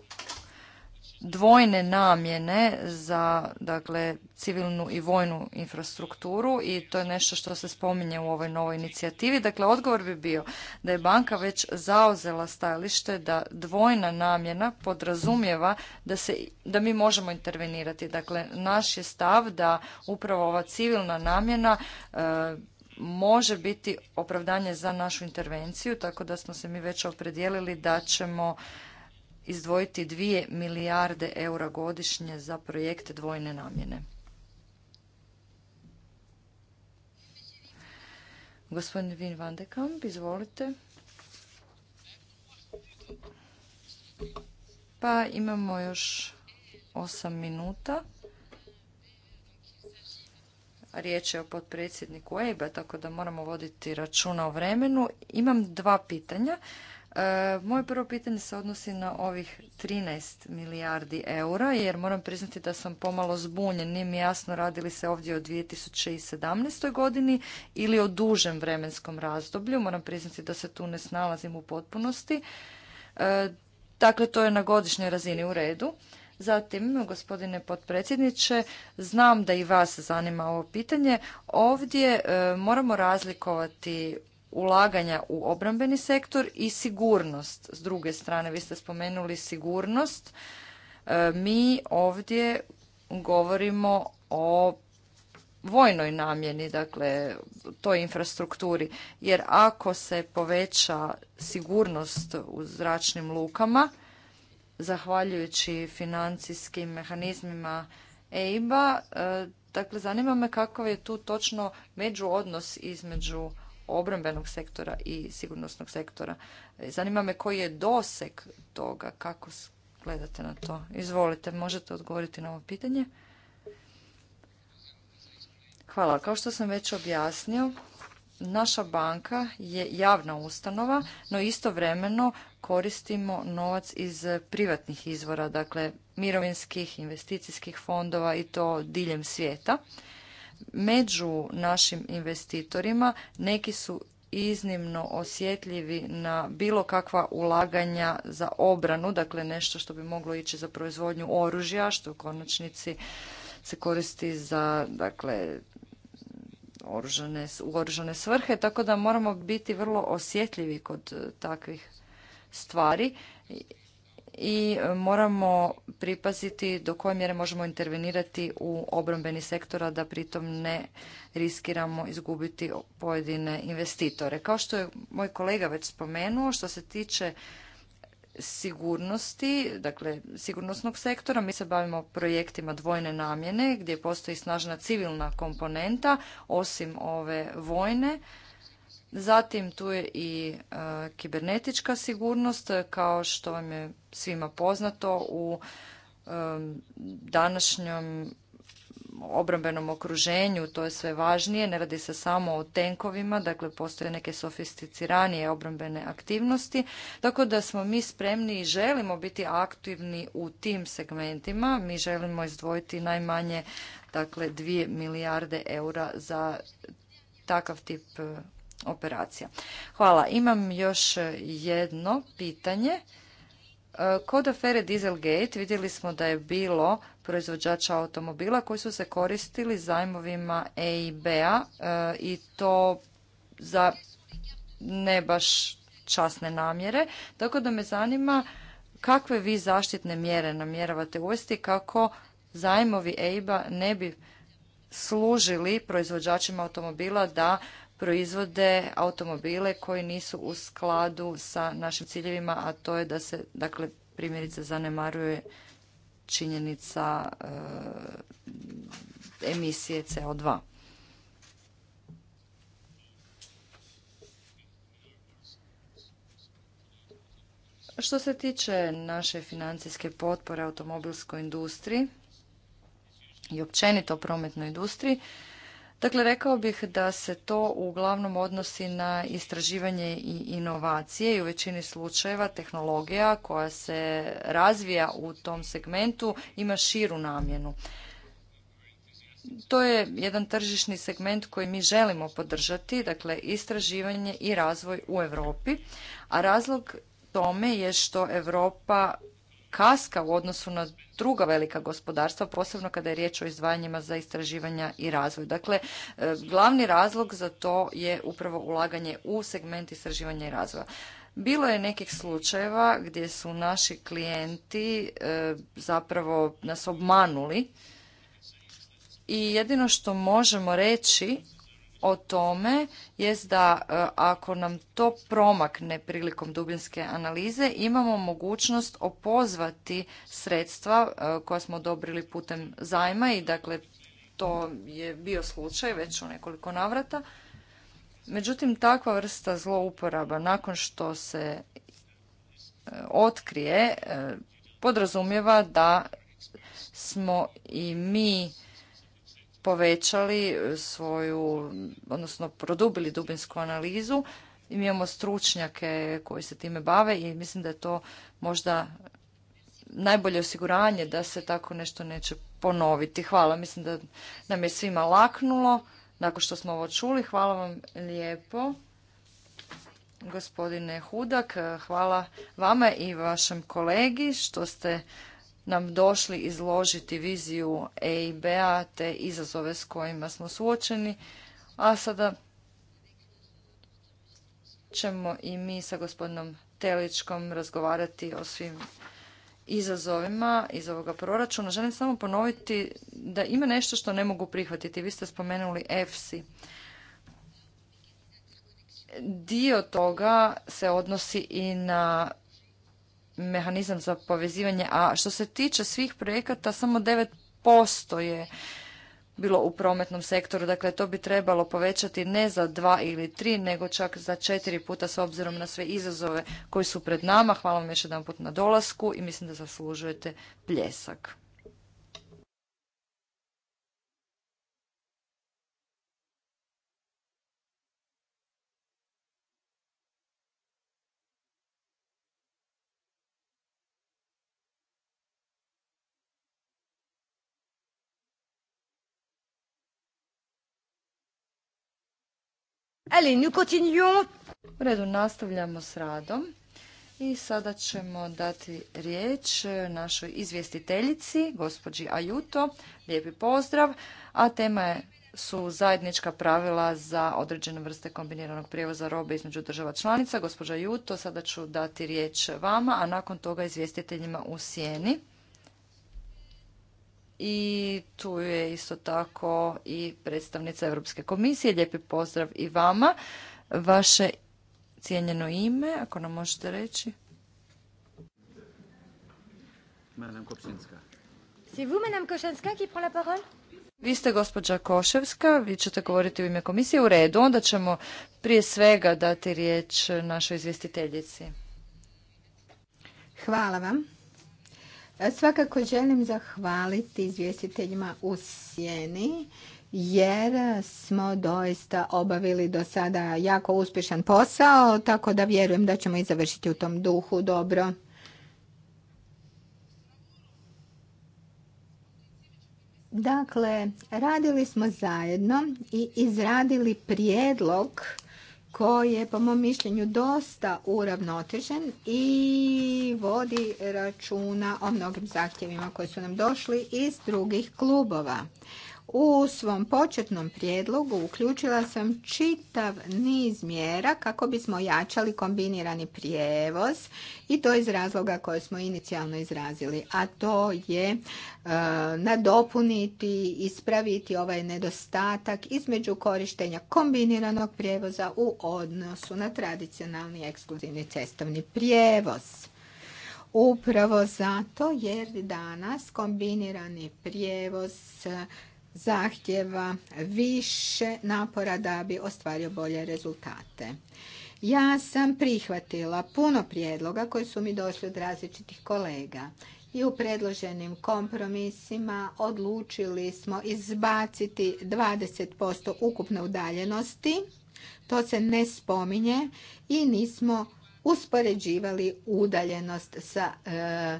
dvojne namjene za dakle civilnu i vojnu infrastrukturu i to je nešto što se spominje u ovoj novoj inicijativi. Dakle, odgovor bi bio da je banka već zauzela stajalište da dvojna namjena podrazumijeva da, se, da mi možemo intervenirati. Dakle, naš je stav da upravo ova civilna namjena e, može biti opravdanje za našu intervenciju, tako da smo se mi već opredijelili da ćemo izdvojiti dvije milijarde eura godišnje za projekte dvojne namjene. Gospodin Vin van de Kamp, izvolite. Pa imamo još osam minuta. Riječ je o potpredsjedniku EIB-a, tako da moramo voditi računa o vremenu. Imam dva pitanja. E, moje prvo pitanje se odnosi na ovih 13 milijardi eura, jer moram priznati da sam pomalo zbunjen. Nije mi jasno radili se ovdje o 2017. godini ili o dužem vremenskom razdoblju. Moram priznati da se tu ne snalazim u potpunosti. E, dakle, to je na godišnjoj razini u redu. Zatim, gospodine potpredsjedniče, znam da i vas zanima ovo pitanje. Ovdje e, moramo razlikovati ulaganja u obrambeni sektor i sigurnost. S druge strane, vi ste spomenuli sigurnost. E, mi ovdje govorimo o vojnoj namjeni, dakle toj infrastrukturi. Jer ako se poveća sigurnost u zračnim lukama, zahvaljujući financijskim mehanizmima EIB-a, e, dakle zanima me kakav je tu točno međuodnos između obrambenog sektora i sigurnosnog sektora. Zanima me koji je doseg toga, kako gledate na to. Izvolite, možete odgovoriti na ovo pitanje. Hvala. Kao što sam već objasnio, naša banka je javna ustanova, no istovremeno koristimo novac iz privatnih izvora, dakle mirovinskih, investicijskih fondova i to diljem svijeta među našim investitorima neki su iznimno osjetljivi na bilo kakva ulaganja za obranu, dakle nešto što bi moglo ići za proizvodnju oružja, što u konačnici se koristi za dakle oružane, u oružane svrhe, tako da moramo biti vrlo osjetljivi kod eh, takvih stvari i e, moramo pripaziti do koje mjere možemo intervenirati u obrambeni sektora da pritom ne riskiramo izgubiti pojedine investitore. Kao što je moj kolega već spomenuo, što se tiče sigurnosti, dakle sigurnosnog sektora, mi se bavimo projektima dvojne namjene gdje postoji snažna civilna komponenta osim ove vojne Zatim tu je i e, kibernetička sigurnost, kao što vam je svima poznato u e, današnjem obrambenom okruženju, to je sve važnije, ne radi se samo o tenkovima, dakle postoje neke sofisticiranije obrambene aktivnosti, tako da smo mi spremni i želimo biti aktivni u tim segmentima, mi želimo izdvojiti najmanje dakle 2 milijarde eura za takav tip operacija. Hvala. Imam još e, jedno pitanje. E, kod afere Dieselgate vidjeli smo da je bilo proizvođača automobila koji su se koristili zajmovima EIB-a e, i to za ne baš časne namjere. Tako da me zanima kakve vi zaštitne mjere namjeravate uvesti kako zajmovi EIB-a ne bi služili proizvođačima automobila da proizvode automobile koji nisu u skladu sa našim ciljevima, a to je da se, dakle, primjerice zanemaruje činjenica e, emisije CO2. Što se tiče naše financijske potpore automobilskoj industriji i općenito prometnoj industriji, Dakle, rekao bih da se to uglavnom odnosi na istraživanje i inovacije i u većini slučajeva tehnologija koja se razvija u tom segmentu ima širu namjenu. To je jedan tržišni segment koji mi želimo podržati, dakle istraživanje i razvoj u Europi, a razlog tome je što Europa kaska u odnosu na druga velika gospodarstva, posebno kada je riječ o izdvajanjima za istraživanja i razvoj. Dakle, e, glavni razlog za to je upravo ulaganje u segment istraživanja i razvoja. Bilo je nekih slučajeva gdje su naši klijenti e, zapravo nas obmanuli i jedino što možemo reći o tome jest da e, ako nam to promakne prilikom dubinske analize imamo mogućnost opozvati sredstva e, koja smo odobrili putem zajma i dakle to je bio slučaj već u nekoliko navrata. Međutim, takva vrsta zlouporaba nakon što se e, otkrije podrazumijeva da smo i mi povećali e, svoju, odnosno produbili dubinsku analizu. Mi imamo stručnjake koji se time bave i mislim da je to možda najbolje osiguranje da se tako nešto neće ponoviti. Hvala, mislim da nam je svima laknulo nakon što smo ovo čuli. Hvala vam lijepo, gospodine Hudak. Hvala vama i vašem kolegi što ste nam došli izložiti viziju EIB-a te izazove s kojima smo suočeni, a sada ćemo i mi sa gospodinom Teličkom razgovarati o svim izazovima iz ovoga proračuna. Želim samo ponoviti da ima nešto što ne mogu prihvatiti. Vi ste spomenuli EFSI. Dio toga se odnosi i na mehanizam za povezivanje, a što se tiče svih projekata, samo 9% je bilo u prometnom sektoru, dakle to bi trebalo povećati ne za dva ili tri, nego čak za četiri puta s obzirom na sve izazove koji su pred nama. Hvala vam još jedan put na dolasku i mislim da zaslužujete pljesak. Allez, nous continuons. U redu, nastavljamo s radom. I sada ćemo dati riječ e, našoj izvjestiteljici, gospođi Ajuto. Lijepi pozdrav. A tema je su zajednička pravila za određene vrste kombiniranog prijevoza robe između država članica. Gospođa Juto, sada ću dati riječ vama, a nakon toga izvjestiteljima u sjeni i tu je isto tako i predstavnica Europske komisije. Lijepi pozdrav i vama. Vaše cijenjeno ime, ako nam možete reći. Madame Kopšinska. C'est vous, Madame qui prend la parole? Vi ste gospođa Koševska, vi ćete govoriti u ime komisije. U redu, onda ćemo prije svega dati riječ našoj izvjestiteljici. Hvala vam. Svakako želim zahvaliti izvjestiteljima u Sjeni jer smo doista obavili do sada jako uspješan posao, tako da vjerujem da ćemo i završiti u tom duhu dobro. Dakle, radili smo zajedno i izradili prijedlog koji je po mom mišljenju dosta uravnotežen i vodi računa o mnogim zahtjevima koji su nam došli iz drugih klubova. U svom početnom prijedlogu uključila sam čitav niz mjera kako bismo jačali kombinirani prijevoz i to iz razloga koje smo inicijalno izrazili, a to je e, nadopuniti, ispraviti ovaj nedostatak između korištenja kombiniranog prijevoza u odnosu na tradicionalni ekskluzivni cestovni prijevoz. Upravo zato jer danas kombinirani prijevoz zahtjeva više napora da bi ostvario bolje rezultate. Ja sam prihvatila puno prijedloga koji su mi došli od različitih kolega i u predloženim kompromisima odlučili smo izbaciti 20% ukupne udaljenosti. To se ne spominje i nismo uspoređivali udaljenost sa e,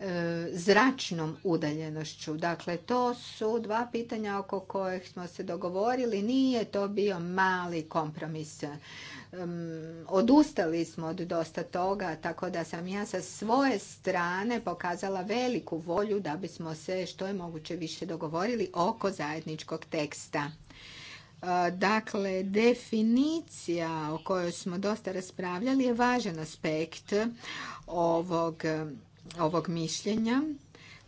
E, zračnom udaljenošću. Dakle, to su dva pitanja oko kojih smo se dogovorili. Nije to bio mali kompromis. E, odustali smo od dosta toga, tako da sam ja sa svoje strane pokazala veliku volju da bismo se što je moguće više dogovorili oko zajedničkog teksta. E, dakle, definicija o kojoj smo dosta raspravljali je važan aspekt ovog ovog mišljenja.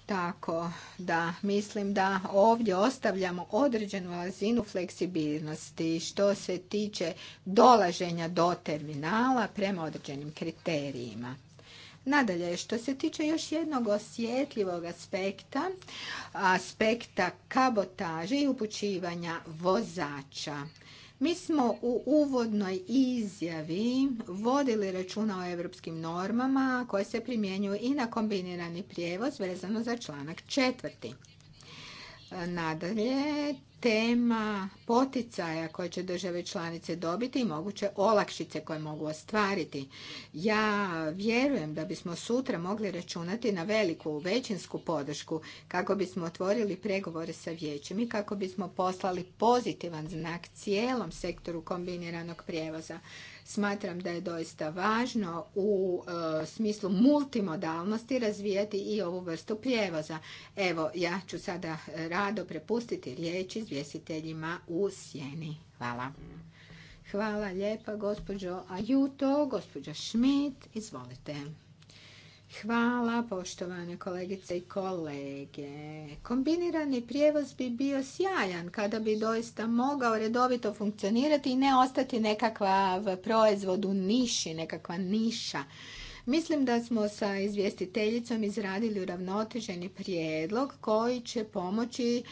Tako da mislim da ovdje ostavljamo određenu razinu fleksibilnosti što se tiče dolaženja do terminala prema određenim kriterijima. Nadalje, što se tiče još jednog osjetljivog aspekta, aspekta kabotaže i upućivanja vozača. Mi smo u uvodnoj izjavi vodili računa o europskim normama koje se primjenjuju i na kombinirani prijevoz vezano za članak četvrti. Nadalje, tema poticaja koje će države članice dobiti i moguće olakšice koje mogu ostvariti. Ja vjerujem da bismo sutra mogli računati na veliku, većinsku podršku kako bismo otvorili pregovore sa vijećem i kako bismo poslali pozitivan znak cijelom sektoru kombiniranog prijevoza. Smatram da je doista važno u e, smislu multimodalnosti razvijati i ovu vrstu prijevoza. Evo, ja ću sada rado prepustiti riječ izvjestiteljima u sjeni. Hvala. Hvala lijepa, gospođo Ajuto, gospođa Schmidt, izvolite. Hvala poštovane kolegice i kolege. Kombinirani prijevoz bi bio sjajan kada bi doista mogao redovito funkcionirati i ne ostati nekakav proizvod u niši, nekakva niša. Mislim da smo sa izvjestiteljicom izradili uravnoteženi prijedlog koji će pomoći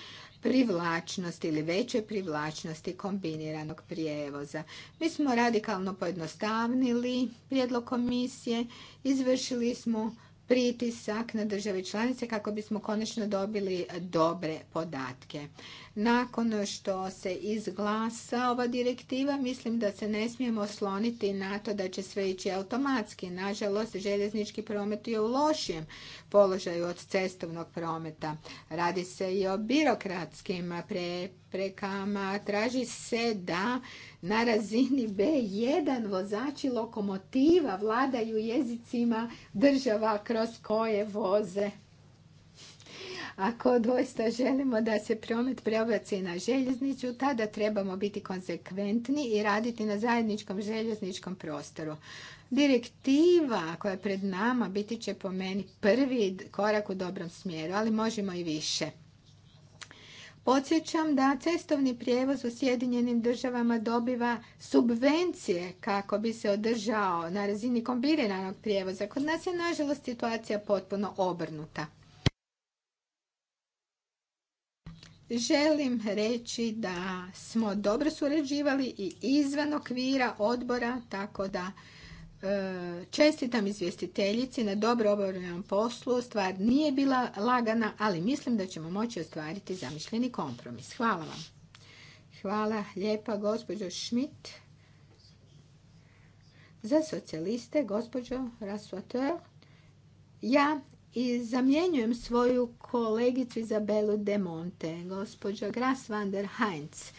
privlačnosti ili veće privlačnosti kombiniranog prijevoza. Mi smo radikalno pojednostavnili prijedlog komisije, izvršili smo pritisak na države članice kako bismo konačno dobili dobre podatke. Nakon što se izglasa ova direktiva, mislim da se ne smijemo osloniti na to da će sve ići automatski. Nažalost, željeznički promet je u lošijem položaju od cestovnog prometa. Radi se i o birokratskim pre Prekama traži se da na razini B1 vozači lokomotiva vladaju jezicima država kroz koje voze. Ako doista želimo da se promet preobraci na željeznicu, tada trebamo biti konsekventni i raditi na zajedničkom željezničkom prostoru. Direktiva koja je pred nama biti će po meni prvi korak u dobrom smjeru, ali možemo i više. Podsjećam da cestovni prijevoz u Sjedinjenim državama dobiva subvencije kako bi se održao na razini kombiniranog prijevoza. Kod nas je nažalost situacija potpuno obrnuta. Želim reći da smo dobro surađivali i izvan okvira odbora, tako da E, čestitam izvjestiteljici na dobro obavljenom poslu. Stvar nije bila lagana, ali mislim da ćemo moći ostvariti zamišljeni kompromis. Hvala vam. Hvala lijepa gospođo Schmidt. Za socijaliste, gospođo Rasuateur, ja i zamjenjujem svoju kolegicu Izabelu de Monte, gospođo Gras van der Heinz.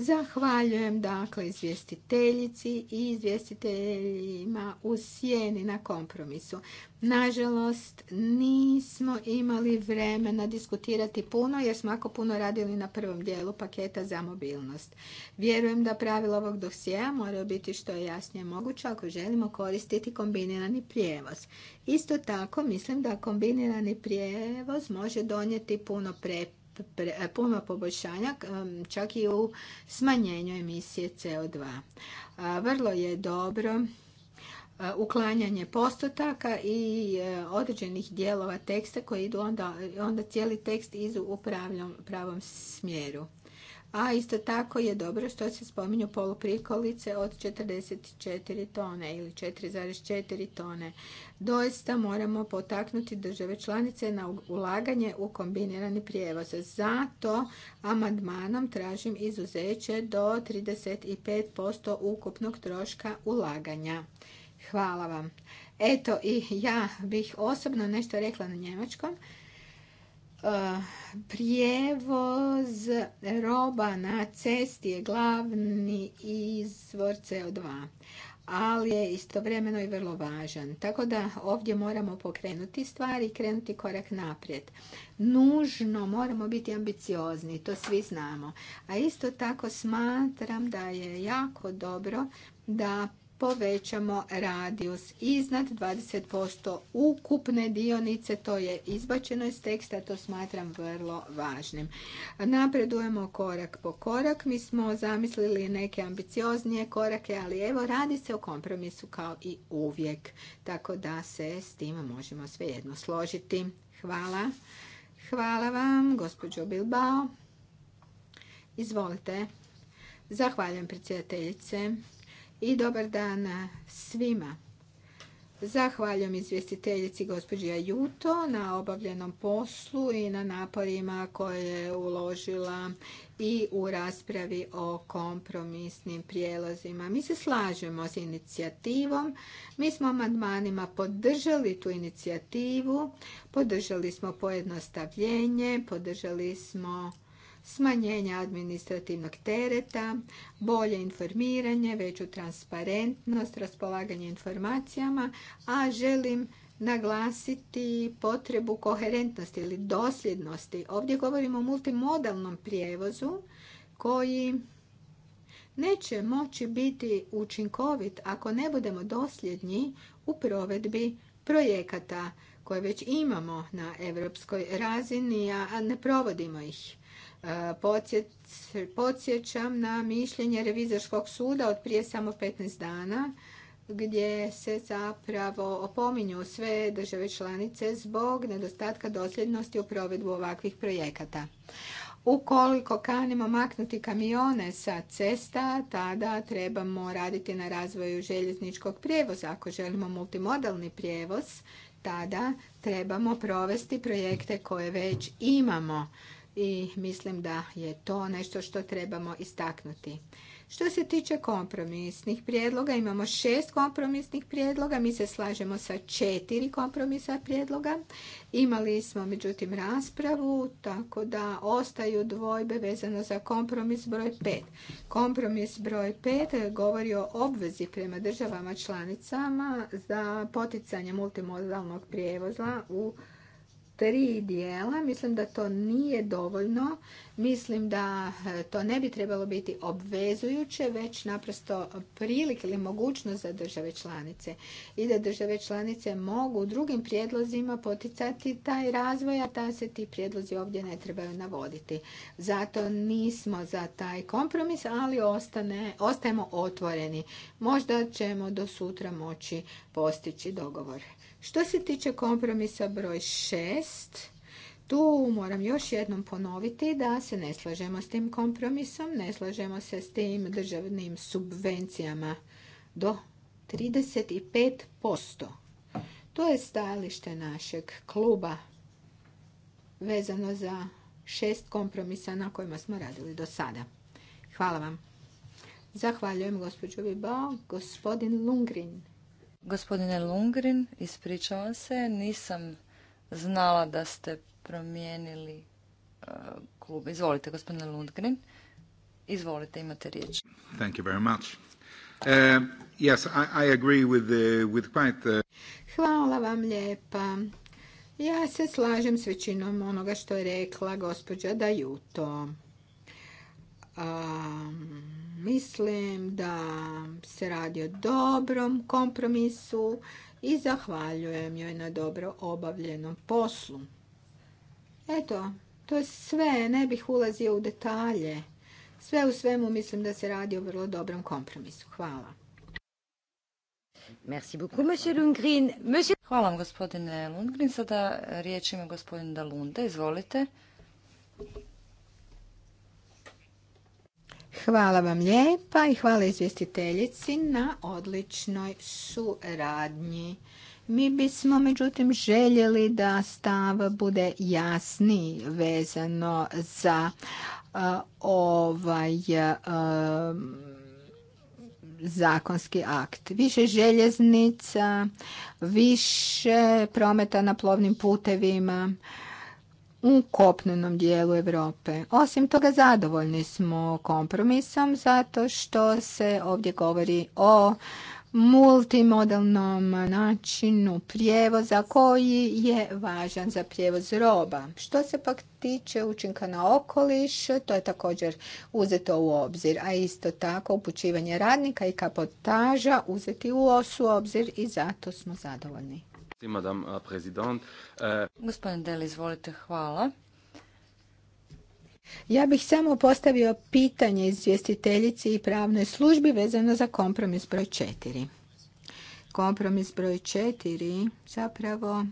Zahvaljujem dakle izvjestiteljici i izvjestiteljima u sjeni na kompromisu. Nažalost, nismo imali vremena diskutirati puno jer smo jako puno radili na prvom dijelu paketa za mobilnost. Vjerujem da pravila ovog dosjea moraju biti što je jasnije moguće ako želimo koristiti kombinirani prijevoz. Isto tako mislim da kombinirani prijevoz može donijeti puno pre E, puno poboljšanja, čak i u smanjenju emisije CO2. Vrlo je dobro e, uklanjanje postotaka i e, određenih dijelova teksta koji idu onda, onda cijeli tekst idu u pravom smjeru a isto tako je dobro što se spominju poluprikolice od 44 tone ili 4,4 tone. Doista moramo potaknuti države članice na ulaganje u kombinirani prijevoz. Zato amandmanom tražim izuzeće do 35% ukupnog troška ulaganja. Hvala vam. Eto i ja bih osobno nešto rekla na njemačkom. E, prijevoz roba na cesti je glavni izvor CO2 ali je istovremeno i vrlo važan. Tako da ovdje moramo pokrenuti stvari i krenuti korak naprijed. Nužno moramo biti ambiciozni, to svi znamo. A isto tako smatram da je jako dobro da povećamo radijus iznad 20% ukupne dionice, to je izbačeno iz teksta, to smatram vrlo važnim. Napredujemo korak po korak, mi smo zamislili neke ambicioznije korake, ali evo radi se o kompromisu kao i uvijek, tako da se s tim možemo jedno složiti. Hvala. Hvala vam, gospođo Bilbao. Izvolite. Zahvaljujem predsjedateljice i dobar dan svima. Zahvaljujem izvjestiteljici gospođi Ajuto na obavljenom poslu i na naporima koje je uložila i u raspravi o kompromisnim prijelozima. Mi se slažemo s inicijativom, mi smo amandmanima podržali tu inicijativu, podržali smo pojednostavljenje, podržali smo Smanjenje administrativnog tereta, bolje informiranje, veću transparentnost, raspolaganje informacijama, a želim naglasiti potrebu koherentnosti ili dosljednosti. Ovdje govorimo o multimodalnom prijevozu koji neće moći biti učinkovit ako ne budemo dosljednji u provedbi projekata koje već imamo na europskoj razini, a ne provodimo ih. E, podsjećam na mišljenje revizorskog suda od prije samo 15 dana gdje se zapravo opominju sve države članice zbog nedostatka dosljednosti u provedbu ovakvih projekata. Ukoliko kanimo maknuti kamione sa cesta, tada trebamo raditi na razvoju željezničkog prijevoza. Ako želimo multimodalni prijevoz, tada trebamo provesti projekte koje već imamo i mislim da je to nešto što trebamo istaknuti. Što se tiče kompromisnih prijedloga, imamo šest kompromisnih prijedloga, mi se slažemo sa četiri kompromisa prijedloga. Imali smo međutim raspravu, tako da ostaju dvojbe vezano za kompromis broj pet. Kompromis broj pet govori o obvezi prema državama članicama za poticanje multimodalnog prijevoza u tri dijela. Mislim da to nije dovoljno. Mislim da e, to ne bi trebalo biti obvezujuće, već naprosto prilike ili mogućnost za države članice. I da države članice mogu drugim prijedlozima poticati taj razvoj, a ta se ti prijedlozi ovdje ne trebaju navoditi. Zato nismo za taj kompromis, ali ostane, ostajemo otvoreni. Možda ćemo do sutra moći postići dogovor. Što se tiče kompromisa broj 6, tu moram još jednom ponoviti da se ne slažemo s tim kompromisom, ne slažemo se s tim državnim subvencijama do 35%. To je stajalište našeg kluba vezano za šest kompromisa na kojima smo radili do sada. Hvala vam. Zahvaljujem gospođo Vibao, gospodin Lungrin. Gospodine Lundgren, ispričavam se, nisam znala da ste promijenili e, klub. Izvolite, gospodine Lundgren. Izvolite, imate riječ. Thank you very much. E, yes, I, agree with, quite Hvala vam lijepa. Ja se slažem s većinom onoga što je rekla gospođa Dajuto. Um, Mislim da se radi o dobrom kompromisu i zahvaljujem joj na dobro obavljenom poslu. Eto, to je sve, ne bih ulazio u detalje. Sve u svemu mislim da se radi o vrlo dobrom kompromisu. Hvala. Merci beaucoup, monsieur Lundgren. Hvala vam, gospodine Lundgren. Sada riječ ima gospodin Dalunde. Izvolite. Hvala vam lijepa i hvala izvjestiteljici na odličnoj suradnji. Mi bismo međutim željeli da stav bude jasniji vezano za ovaj zakonski akt. Više željeznica, više prometa na plovnim putevima, u kopnenom dijelu Europe. Osim toga zadovoljni smo kompromisom zato što se ovdje govori o multimodalnom načinu prijevoza koji je važan za prijevoz roba. Što se pak tiče učinka na okoliš, to je također uzeto u obzir, a isto tako upućivanje radnika i kapotaža uzeti u osu obzir i zato smo zadovoljni. Euh, Gospodin Deli, izvolite, hvala. Ja bih samo postavio pitanje izvjestiteljici i pravnoj službi vezano za kompromis broj četiri. Kompromis broj četiri zapravo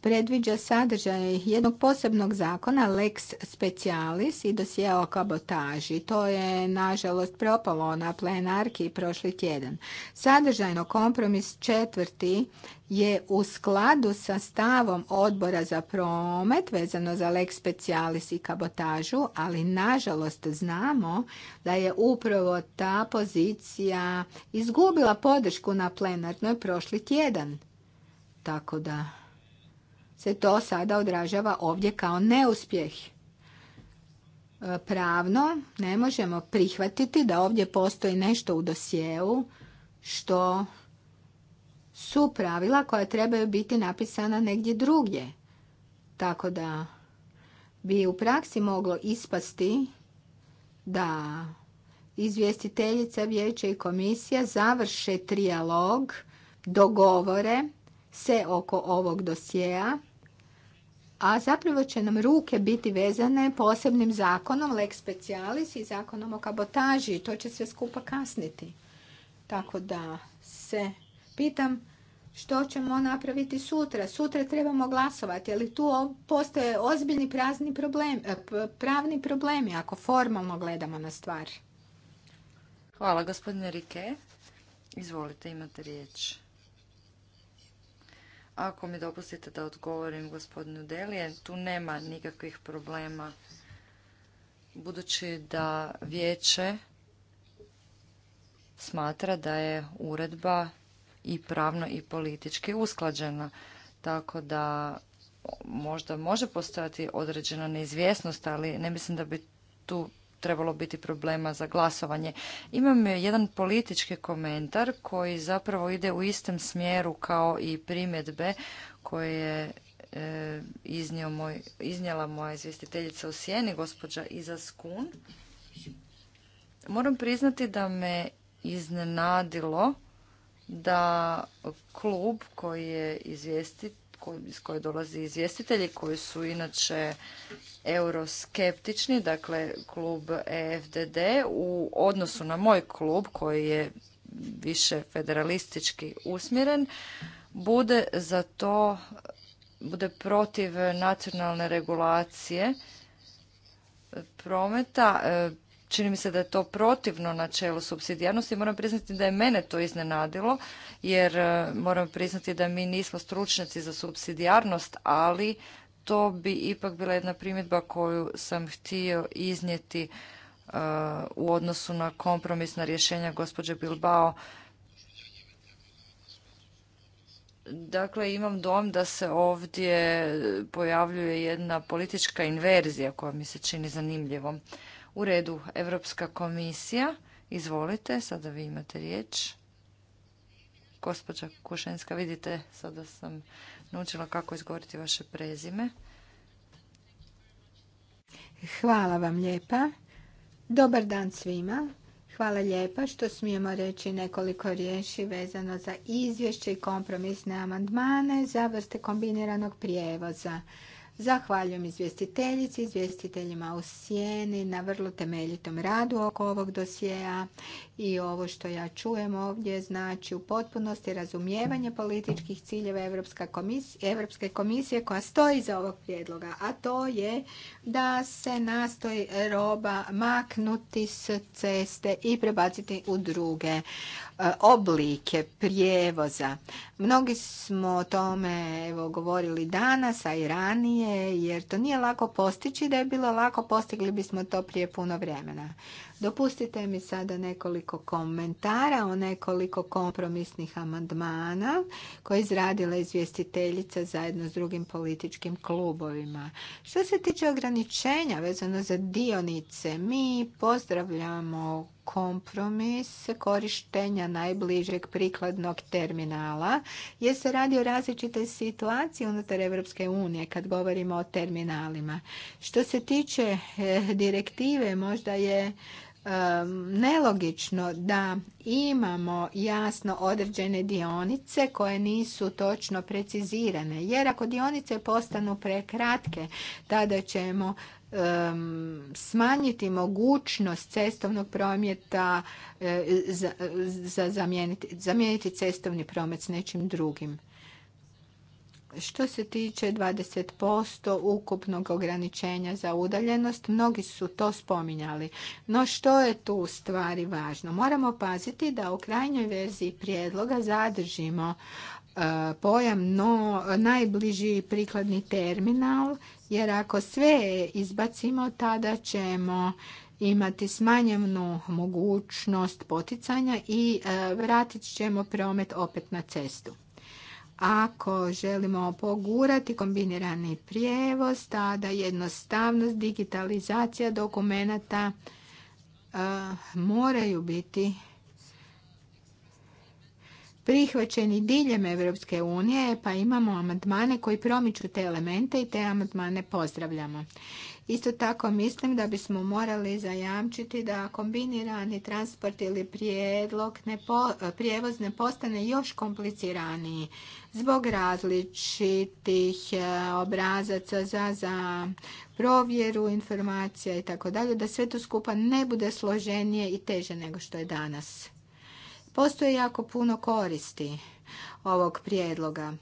predviđa sadržaj jednog posebnog zakona, lex specialis i dosije o kabotaži. To je, nažalost, propalo na plenarki prošli tjedan. Sadržajno kompromis četvrti je u skladu sa stavom odbora za promet vezano za lex specialis i kabotažu, ali nažalost znamo da je upravo ta pozicija izgubila podršku na plenarnoj prošli tjedan. Tako da se to sada odražava ovdje kao neuspjeh. E, pravno ne možemo prihvatiti da ovdje postoji nešto u dosjeu što su pravila koja trebaju biti napisana negdje drugdje. Tako da bi u praksi moglo ispasti da izvjestiteljica vijeća i komisija završe trijalog, dogovore se oko ovog dosjea a zapravo će nam ruke biti vezane posebnim zakonom, lex specialis i zakonom o kabotaži to će sve skupa kasniti. Tako da se pitam što ćemo napraviti sutra. Sutra trebamo glasovati, ali tu postoje ozbiljni eh, pravni problemi ako formalno gledamo na stvar. Hvala gospodine Rike. Izvolite, imate riječ. Ako mi dopustite da odgovorim gospodinu Delije, tu nema nikakvih problema budući da vijeće smatra da je uredba i pravno i politički usklađena, tako da možda može postojati određena neizvjesnost, ali ne mislim da bi tu trebalo biti problema za glasovanje. Imam jedan politički komentar koji zapravo ide u istom smjeru kao i primjedbe koje je e, iznijela moja izvjestiteljica u Sijeni, gospođa Iza Skun. Moram priznati da me iznenadilo da klub koji je izvjestitelj iz koje dolazi izvjestitelji koji su inače euroskeptični, dakle klub EFDD u odnosu na moj klub koji je više federalistički usmjeren, bude za to, bude protiv nacionalne regulacije prometa e, čini mi se da je to protivno načelu subsidijarnosti. Moram priznati da je mene to iznenadilo, jer e, moram priznati da mi nismo stručnjaci za subsidijarnost, ali to bi ipak bila jedna primjedba koju sam htio iznijeti e, u odnosu na kompromisna rješenja gospođe Bilbao. Dakle, imam dom da se ovdje pojavljuje jedna politička inverzija koja mi se čini zanimljivom. U redu, Europska komisija. Izvolite, sada vi imate riječ. Gospođa Kušenska, vidite, sada sam naučila kako izgovoriti vaše prezime. Hvala vam lijepa. Dobar dan svima. Hvala lijepa što smijemo reći nekoliko riječi vezano za izvješće i kompromisne amandmane za vrste kombiniranog prijevoza. Zahvaljujem izvjestiteljici, izvjestiteljima u sjeni na vrlo temeljitom radu oko ovog dosjeja i ovo što ja čujem ovdje znači u potpunosti razumijevanje političkih ciljeva Europske komisije, koja stoji za ovog prijedloga, a to je da se nastoji roba maknuti s ceste i prebaciti u druge E, oblike prijevoza. Mnogi smo o tome evo, govorili danas, a i ranije, jer to nije lako postići. Da je bilo lako, postigli bismo to prije puno vremena. Dopustite mi sada nekoliko komentara o nekoliko kompromisnih amandmana koje je izradila izvjestiteljica zajedno s drugim političkim klubovima. Što se tiče ograničenja vezano za dionice, mi pozdravljamo kompromis korištenja najbližeg prikladnog terminala jer se radi o različite situacije unutar Europske unije kad govorimo o terminalima. Što se tiče e, direktive, možda je e, nelogično da imamo jasno određene dionice koje nisu točno precizirane jer ako dionice postanu prekratke tada ćemo smanjiti mogućnost cestovnog prometa e, za, zamijeniti, cestovni promet s nečim drugim. Što se tiče 20% ukupnog ograničenja za udaljenost, mnogi su to spominjali. No što je tu u stvari važno? Moramo paziti da u krajnjoj verziji prijedloga zadržimo pojam no najbliži prikladni terminal jer ako sve izbacimo tada ćemo imati smanjenu mogućnost poticanja i e, vratit ćemo promet opet na cestu. Ako želimo pogurati kombinirani prijevoz, tada jednostavnost, digitalizacija dokumenata e, moraju biti prihvaćeni diljem Europske unije, pa imamo amandmane koji promiču te elemente i te amandmane pozdravljamo. Isto tako mislim da bismo morali zajamčiti da kombinirani transport ili prijedlog prijevoz ne postane još kompliciraniji zbog različitih e, obrazaca za, za provjeru informacija i tako dalje, da sve to skupa ne bude složenije i teže nego što je danas. Postoje jako puno koristi ovog prijedloga.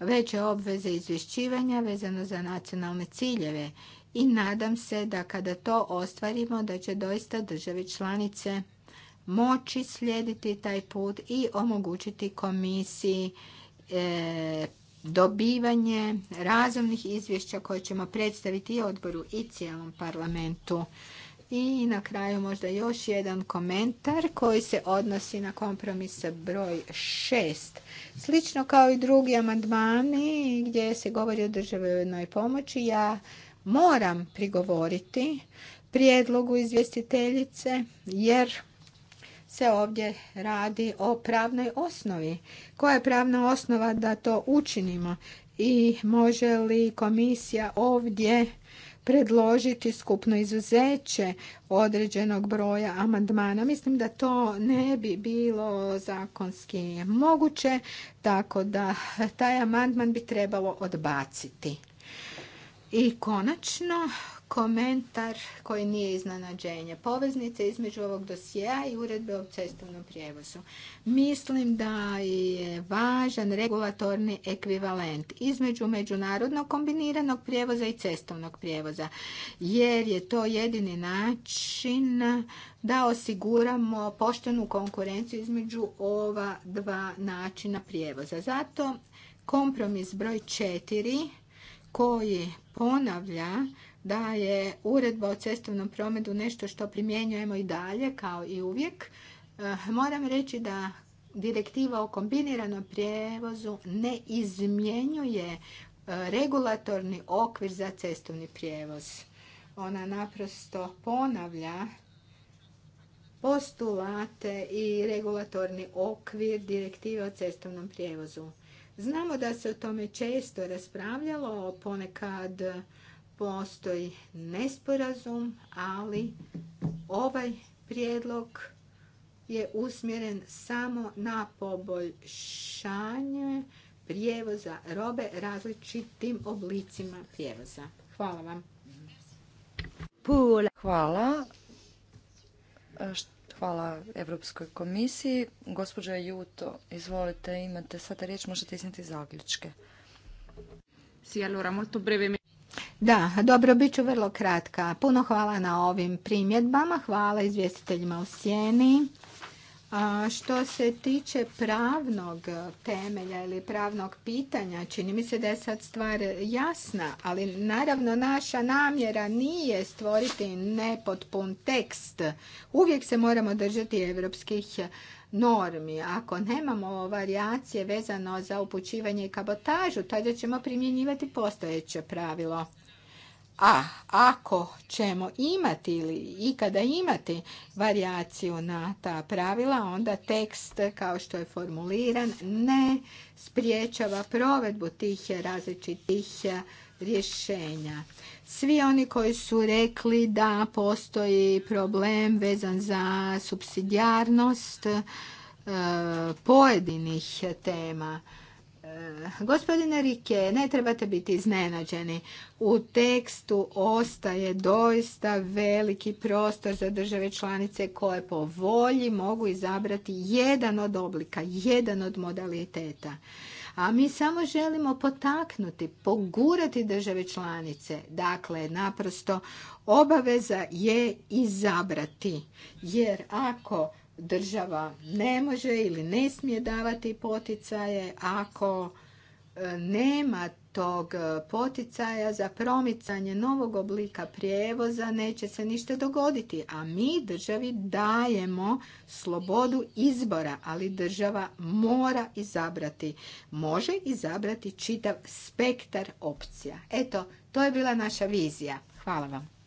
Veće obveze izvješćivanja vezano za nacionalne ciljeve i nadam se da kada to ostvarimo da će doista države članice moći slijediti taj put i omogućiti komisiji e, dobivanje razumnih izvješća koje ćemo predstaviti i odboru i cijelom parlamentu. I na kraju možda još jedan komentar koji se odnosi na kompromis broj 6. Slično kao i drugi amandmani gdje se govori o državnoj pomoći, ja moram prigovoriti prijedlogu izvjestiteljice jer se ovdje radi o pravnoj osnovi. Koja je pravna osnova da to učinimo i može li komisija ovdje predložiti skupno izuzeće određenog broja amandmana. Mislim da to ne bi bilo zakonski moguće, tako da taj amandman bi trebalo odbaciti. I konačno, komentar koji nije iznenađenje. Poveznice između ovog dosjea i uredbe o cestovnom prijevozu. Mislim da je važan regulatorni ekvivalent između međunarodnog kombiniranog prijevoza i cestovnog prijevoza, jer je to jedini način da osiguramo poštenu konkurenciju između ova dva načina prijevoza. Zato kompromis broj četiri koji ponavlja da je uredba o cestovnom prometu nešto što primjenjujemo i dalje kao i uvijek. Eh, moram reći da direktiva o kombiniranom prijevozu ne izmjenjuje eh, regulatorni okvir za cestovni prijevoz. Ona naprosto ponavlja postulate i regulatorni okvir direktive o cestovnom prijevozu. Znamo da se o tome često raspravljalo, ponekad postoji nesporazum, ali ovaj prijedlog je usmjeren samo na poboljšanje prijevoza robe različitim oblicima prijevoza. Hvala vam. Hvala. E, hvala Europskoj komisiji. Gospođa Juto, izvolite, imate sada riječ, možete iznijeti zaključke. Sì, allora molto breve da, dobro, bit ću vrlo kratka. Puno hvala na ovim primjedbama, hvala izvjestiteljima u sjeni. A što se tiče pravnog temelja ili pravnog pitanja, čini mi se da je sad stvar jasna, ali naravno naša namjera nije stvoriti nepotpun tekst. Uvijek se moramo držati evropskih normi. Ako nemamo varijacije vezano za upućivanje i kabotažu, tada ćemo primjenjivati postojeće pravilo. A ako ćemo imati ili ikada imati varijaciju na ta pravila, onda tekst kao što je formuliran ne spriječava provedbu tih različitih rješenja. Svi oni koji su rekli da postoji problem vezan za subsidijarnost e, pojedinih tema. E, gospodine Rike, ne trebate biti iznenađeni. U tekstu ostaje doista veliki prostor za države članice koje po volji mogu izabrati jedan od oblika, jedan od modaliteta. A mi samo želimo potaknuti, pogurati države članice. Dakle, naprosto obaveza je izabrati. Jer ako država ne može ili ne smije davati poticaje, ako nema tog e, poticaja za promicanje novog oblika prijevoza neće se ništa dogoditi, a mi državi dajemo slobodu izbora, ali država mora izabrati. Može izabrati čitav spektar opcija. Eto, to je bila naša vizija. Hvala vam.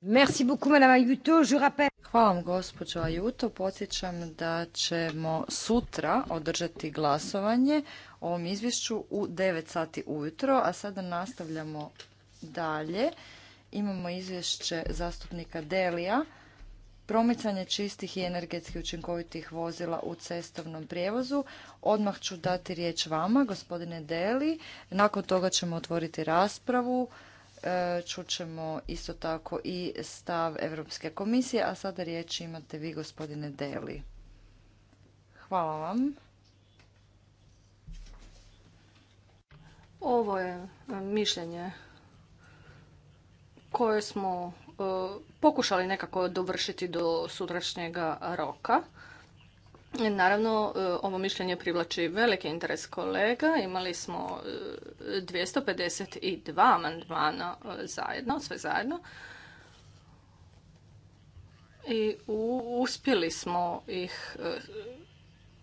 Merci beaucoup, madame Ayuto. Hvala vam, gospođo Ajuto. Podsjećam da ćemo sutra održati glasovanje o ovom izvješću u 9 sati ujutro, a sada nastavljamo dalje. Imamo izvješće zastupnika Delija. Promicanje čistih i energetski učinkovitih vozila u cestovnom prijevozu. Odmah ću dati riječ vama, gospodine Deli. Nakon toga ćemo otvoriti raspravu E, Čućemo isto tako i stav Europske komisije, a sada riječ imate vi gospodine Deli. Hvala vam. Ovo je e, mišljenje koje smo e, pokušali nekako dovršiti do sutrašnjega roka. Naravno, e, ovo mišljenje privlači veliki interes kolega. Imali smo 252 e, amandmana e, zajedno, sve zajedno. I uspjeli smo ih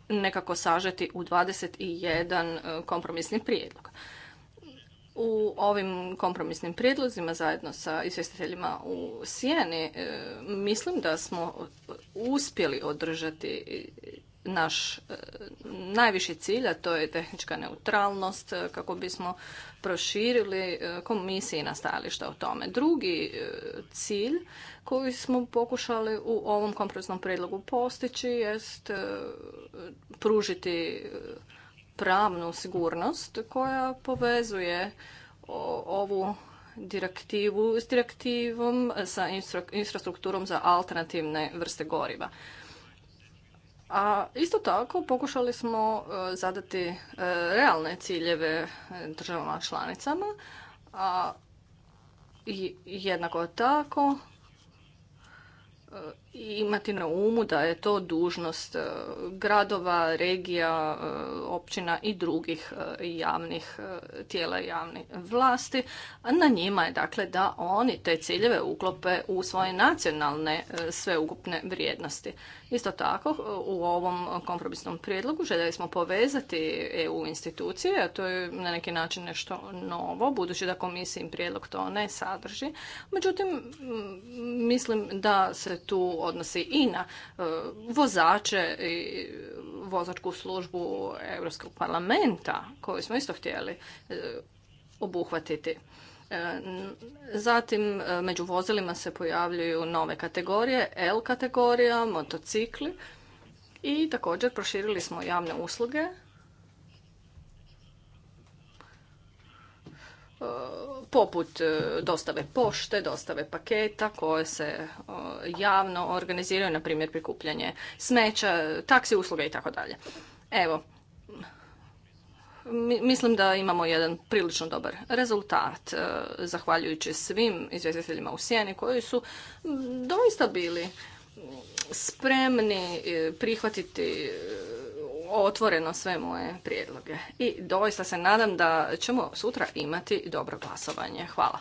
nekako sažeti u 21 kompromisni prijedlog u ovim kompromisnim prijedlozima zajedno sa izvjestiteljima u Sijeni e, mislim da smo uspjeli održati naš e, najviši cilj, a to je tehnička neutralnost e, kako bismo proširili komisiji na stajališta o tome. Drugi cilj koji smo pokušali u ovom kompromisnom prijedlogu postići jest pružiti pravnu sigurnost koja povezuje ovu direktivu s direktivom sa infrastrukturom za alternativne vrste goriva. A isto tako pokušali smo e, zadati e, realne ciljeve e, državama članicama, a jednako tako imati na umu da je to dužnost e, gradova, regija, e, općina i drugih e, javnih tijela javne vlasti. na njima je dakle da oni te ciljeve uklope u svoje nacionalne sveukupne vrijednosti. Isto tako u ovom kompromisnom prijedlogu željeli smo povezati EU institucije, a to je na neki način nešto novo, budući da komisijim prijedlog to ne sadrži. Međutim, mislim da se tu odnosi i na e, vozače i vozačku službu Europskog parlamenta koju smo isto htjeli e, obuhvatiti. E, zatim među vozilima se pojavljuju nove kategorije, L kategorija, motocikli i također proširili smo javne usluge E, poput e, dostave pošte, dostave paketa koje se e, javno organiziraju, na primjer prikupljanje smeća, taksi usluge i tako dalje. Evo, mislim da imamo jedan prilično dobar rezultat, zahvaljujući svim izvjestiteljima u Sjeni koji su doista bili spremni prihvatiti otvoreno sve moje prijedloge. I doista se nadam da ćemo sutra imati dobro glasovanje. Hvala.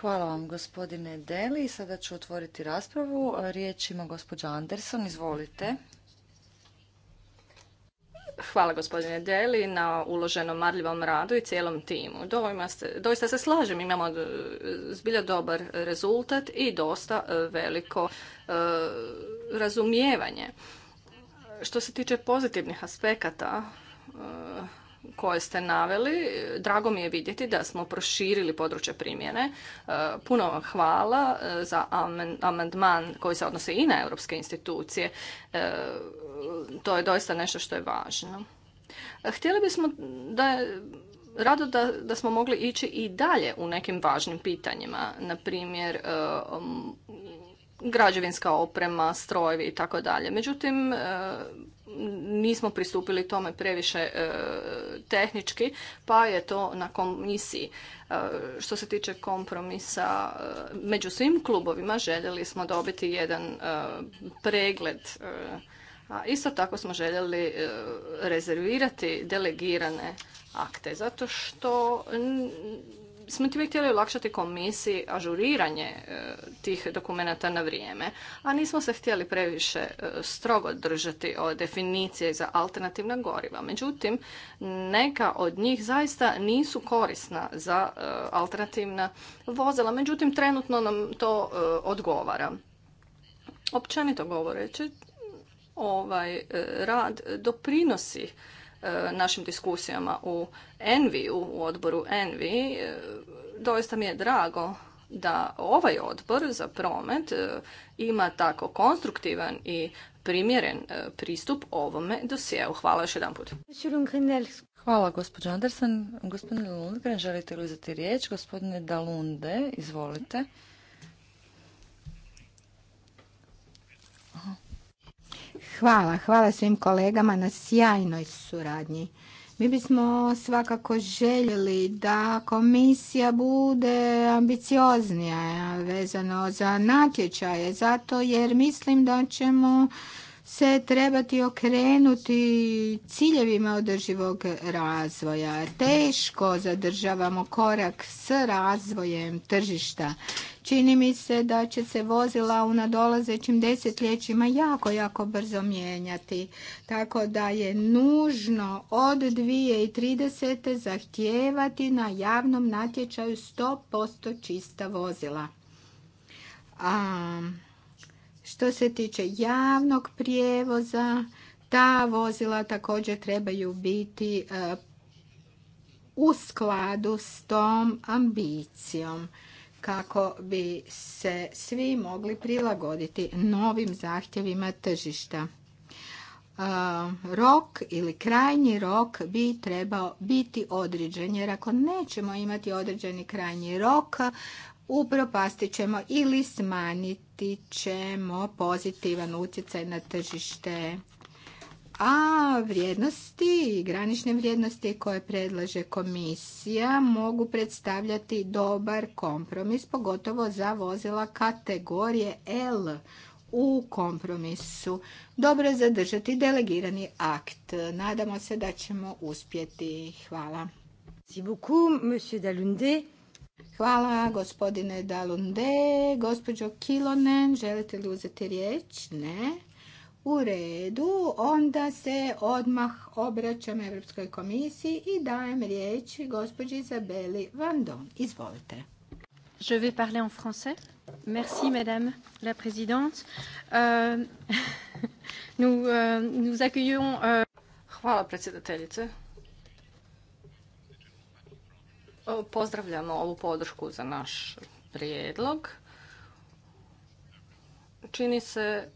Hvala vam gospodine Deli. Sada ću otvoriti raspravu. Riječ ima gospođa Anderson. Izvolite. Hvala gospodine Deli na uloženom marljivom radu i cijelom timu. doista se slažem, imamo e, zbilja dobar rezultat i dosta e, veliko e, razumijevanje. Što se tiče pozitivnih aspekata koje ste naveli. Drago mi je vidjeti da smo proširili područje primjene. E, puno vam hvala e, za amandman koji se odnose i na europske institucije. E, to je doista nešto što je važno. Htjeli bismo da je rado da, da smo mogli ići i dalje u nekim važnim pitanjima, na primjer građevinska oprema, strojevi i tako dalje. Međutim, nismo pristupili tome previše e, tehnički, pa je to na komisiji. E, što se tiče kompromisa, e, među svim klubovima željeli smo dobiti jedan pregled, a isto tako smo željeli rezervirati delegirane akte, zato što smo time htjeli olakšati komisiji ažuriranje e, tih dokumenata na vrijeme, a nismo se htjeli previše e, strogo držati o definicije za alternativna goriva. Međutim, neka od njih zaista nisu korisna za e, alternativna vozila, međutim trenutno nam to odgovara. Općenito govoreći, ovaj rad doprinosi E, našim diskusijama u Envi, u odboru Envi, e, doista mi je drago da ovaj odbor za promet e, ima tako konstruktivan i primjeren pristup ovome dosjeu. Hvala još jedan put. Hvala gospođo Andersen. Gospodine Lundgren, želite li uzeti riječ? Gospodine Dalunde, izvolite. Hvala, hvala svim kolegama na sjajnoj suradnji. Mi bismo svakako željeli da komisija bude ambicioznija vezano za natječaje, zato jer mislim da ćemo se trebati okrenuti ciljevima održivog razvoja. Teško zadržavamo korak s razvojem tržišta. Čini mi se da će se vozila u nadolazećim desetljećima jako, jako brzo mijenjati. Tako da je nužno od 2030. zahtijevati na javnom natječaju 100% čista vozila. A, što se tiče javnog prijevoza, ta vozila također trebaju biti e, u skladu s tom ambicijom kako bi se svi mogli prilagoditi novim zahtjevima tržišta. E, rok ili krajnji rok bi trebao biti određen jer ako nećemo imati određeni krajnji rok, Upropasti ćemo ili smanjiti ćemo pozitivan utjecaj na tržište a vrijednosti i granične vrijednosti koje predlaže komisija mogu predstavljati dobar kompromis, pogotovo za vozila kategorije L u kompromisu. Dobro je zadržati delegirani akt. Nadamo se da ćemo uspjeti. Hvala. Merci monsieur Hvala gospodine Dalunde. Gospođo Kilonen, želite li uzeti riječ? Ne. U redu, onda se odmah obraćam Europskoj komisiji i dajem riječ gospođi Izabeli Vandon. Izvolite. Je vais parler en français. Merci madame la présidente. Euh, euh, nous, accueillons euh, Hvala predsjedateljice. Pozdravljamo ovu podršku za naš prijedlog. Čini se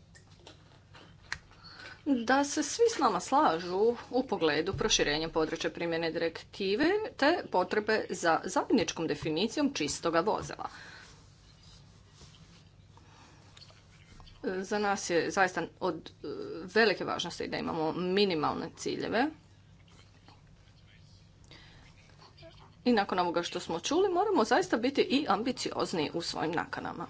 da se svi s nama slažu u pogledu proširenja područja primjene direktive te potrebe za zajedničkom definicijom čistoga vozila. Za nas je zaista od velike važnosti da imamo minimalne ciljeve i nakon ovoga što smo čuli moramo zaista biti i ambiciozni u svojim nakanama.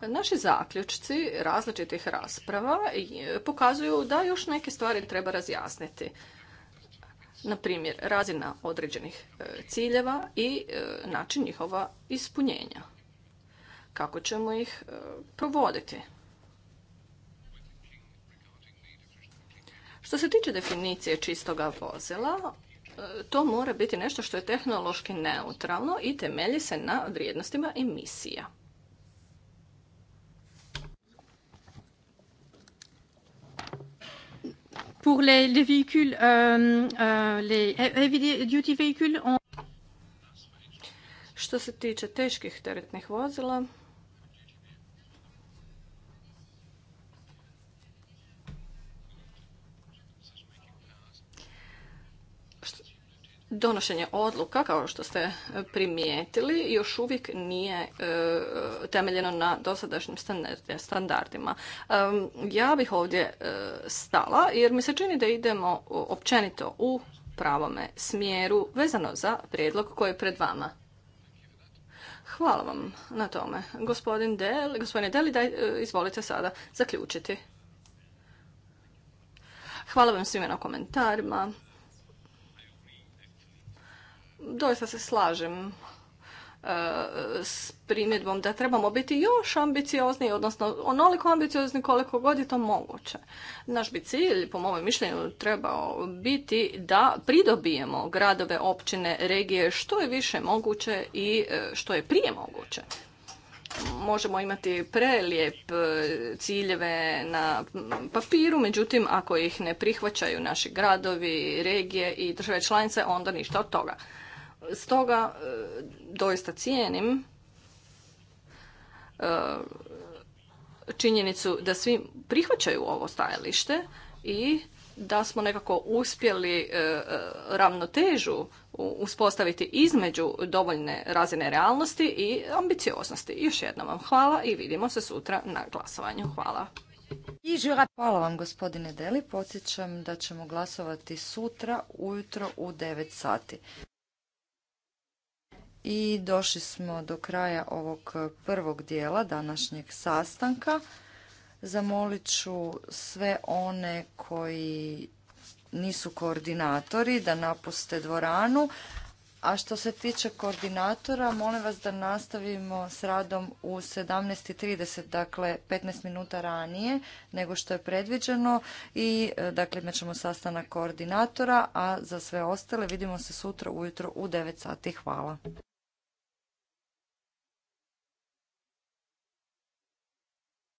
Naši zaključci različitih rasprava e, pokazuju da još neke stvari treba razjasniti. Na primjer, razina određenih e, ciljeva i e, način njihova ispunjenja. Kako ćemo ih provoditi? Što se tiče definicije čistoga vozila, to mora biti nešto što je tehnološki neutralno i temelji se na vrijednostima emisija. Pour les, les véhicules, euh, euh les duty Što se tiče teških teretnih vozila, donošenje odluka, kao što ste primijetili, još uvijek nije e, temeljeno na dosadašnjim standardima. Ja bih ovdje e, stala jer mi se čini da idemo općenito u pravome smjeru vezano za prijedlog koji je pred vama. Hvala vam na tome. Gospodin Del, gospodine Deli, daj, e, izvolite sada zaključiti. Hvala vam svima na komentarima doista se slažem e, s primjedbom da trebamo biti još ambiciozniji odnosno onoliko ambiciozni koliko god je to moguće. Naš bi cilj, po mom mišljenju, trebao biti da pridobijemo gradove, općine, regije što je više moguće i e, što je prije moguće. Možemo imati prelijep e, ciljeve na papiru, međutim ako ih ne prihvaćaju naši gradovi, regije i države članice, onda ništa od toga. Stoga e, doista cijenim e, činjenicu da svi prihvaćaju ovo stajalište i da smo nekako uspjeli e, ravnotežu uspostaviti između dovoljne razine realnosti i ambicioznosti. Još jednom vam hvala i vidimo se sutra na glasovanju. Hvala. Hvala vam gospodine Deli. Podsjećam da ćemo glasovati sutra ujutro u 9 sati i došli smo do kraja ovog prvog dijela današnjeg sastanka. Zamolit ću sve one koji nisu koordinatori da napuste dvoranu. A što se tiče koordinatora, molim vas da nastavimo s radom u 17.30, dakle 15 minuta ranije nego što je predviđeno i e, dakle imat ćemo sastanak koordinatora, a za sve ostale vidimo se sutra ujutro u 9 sati. Hvala.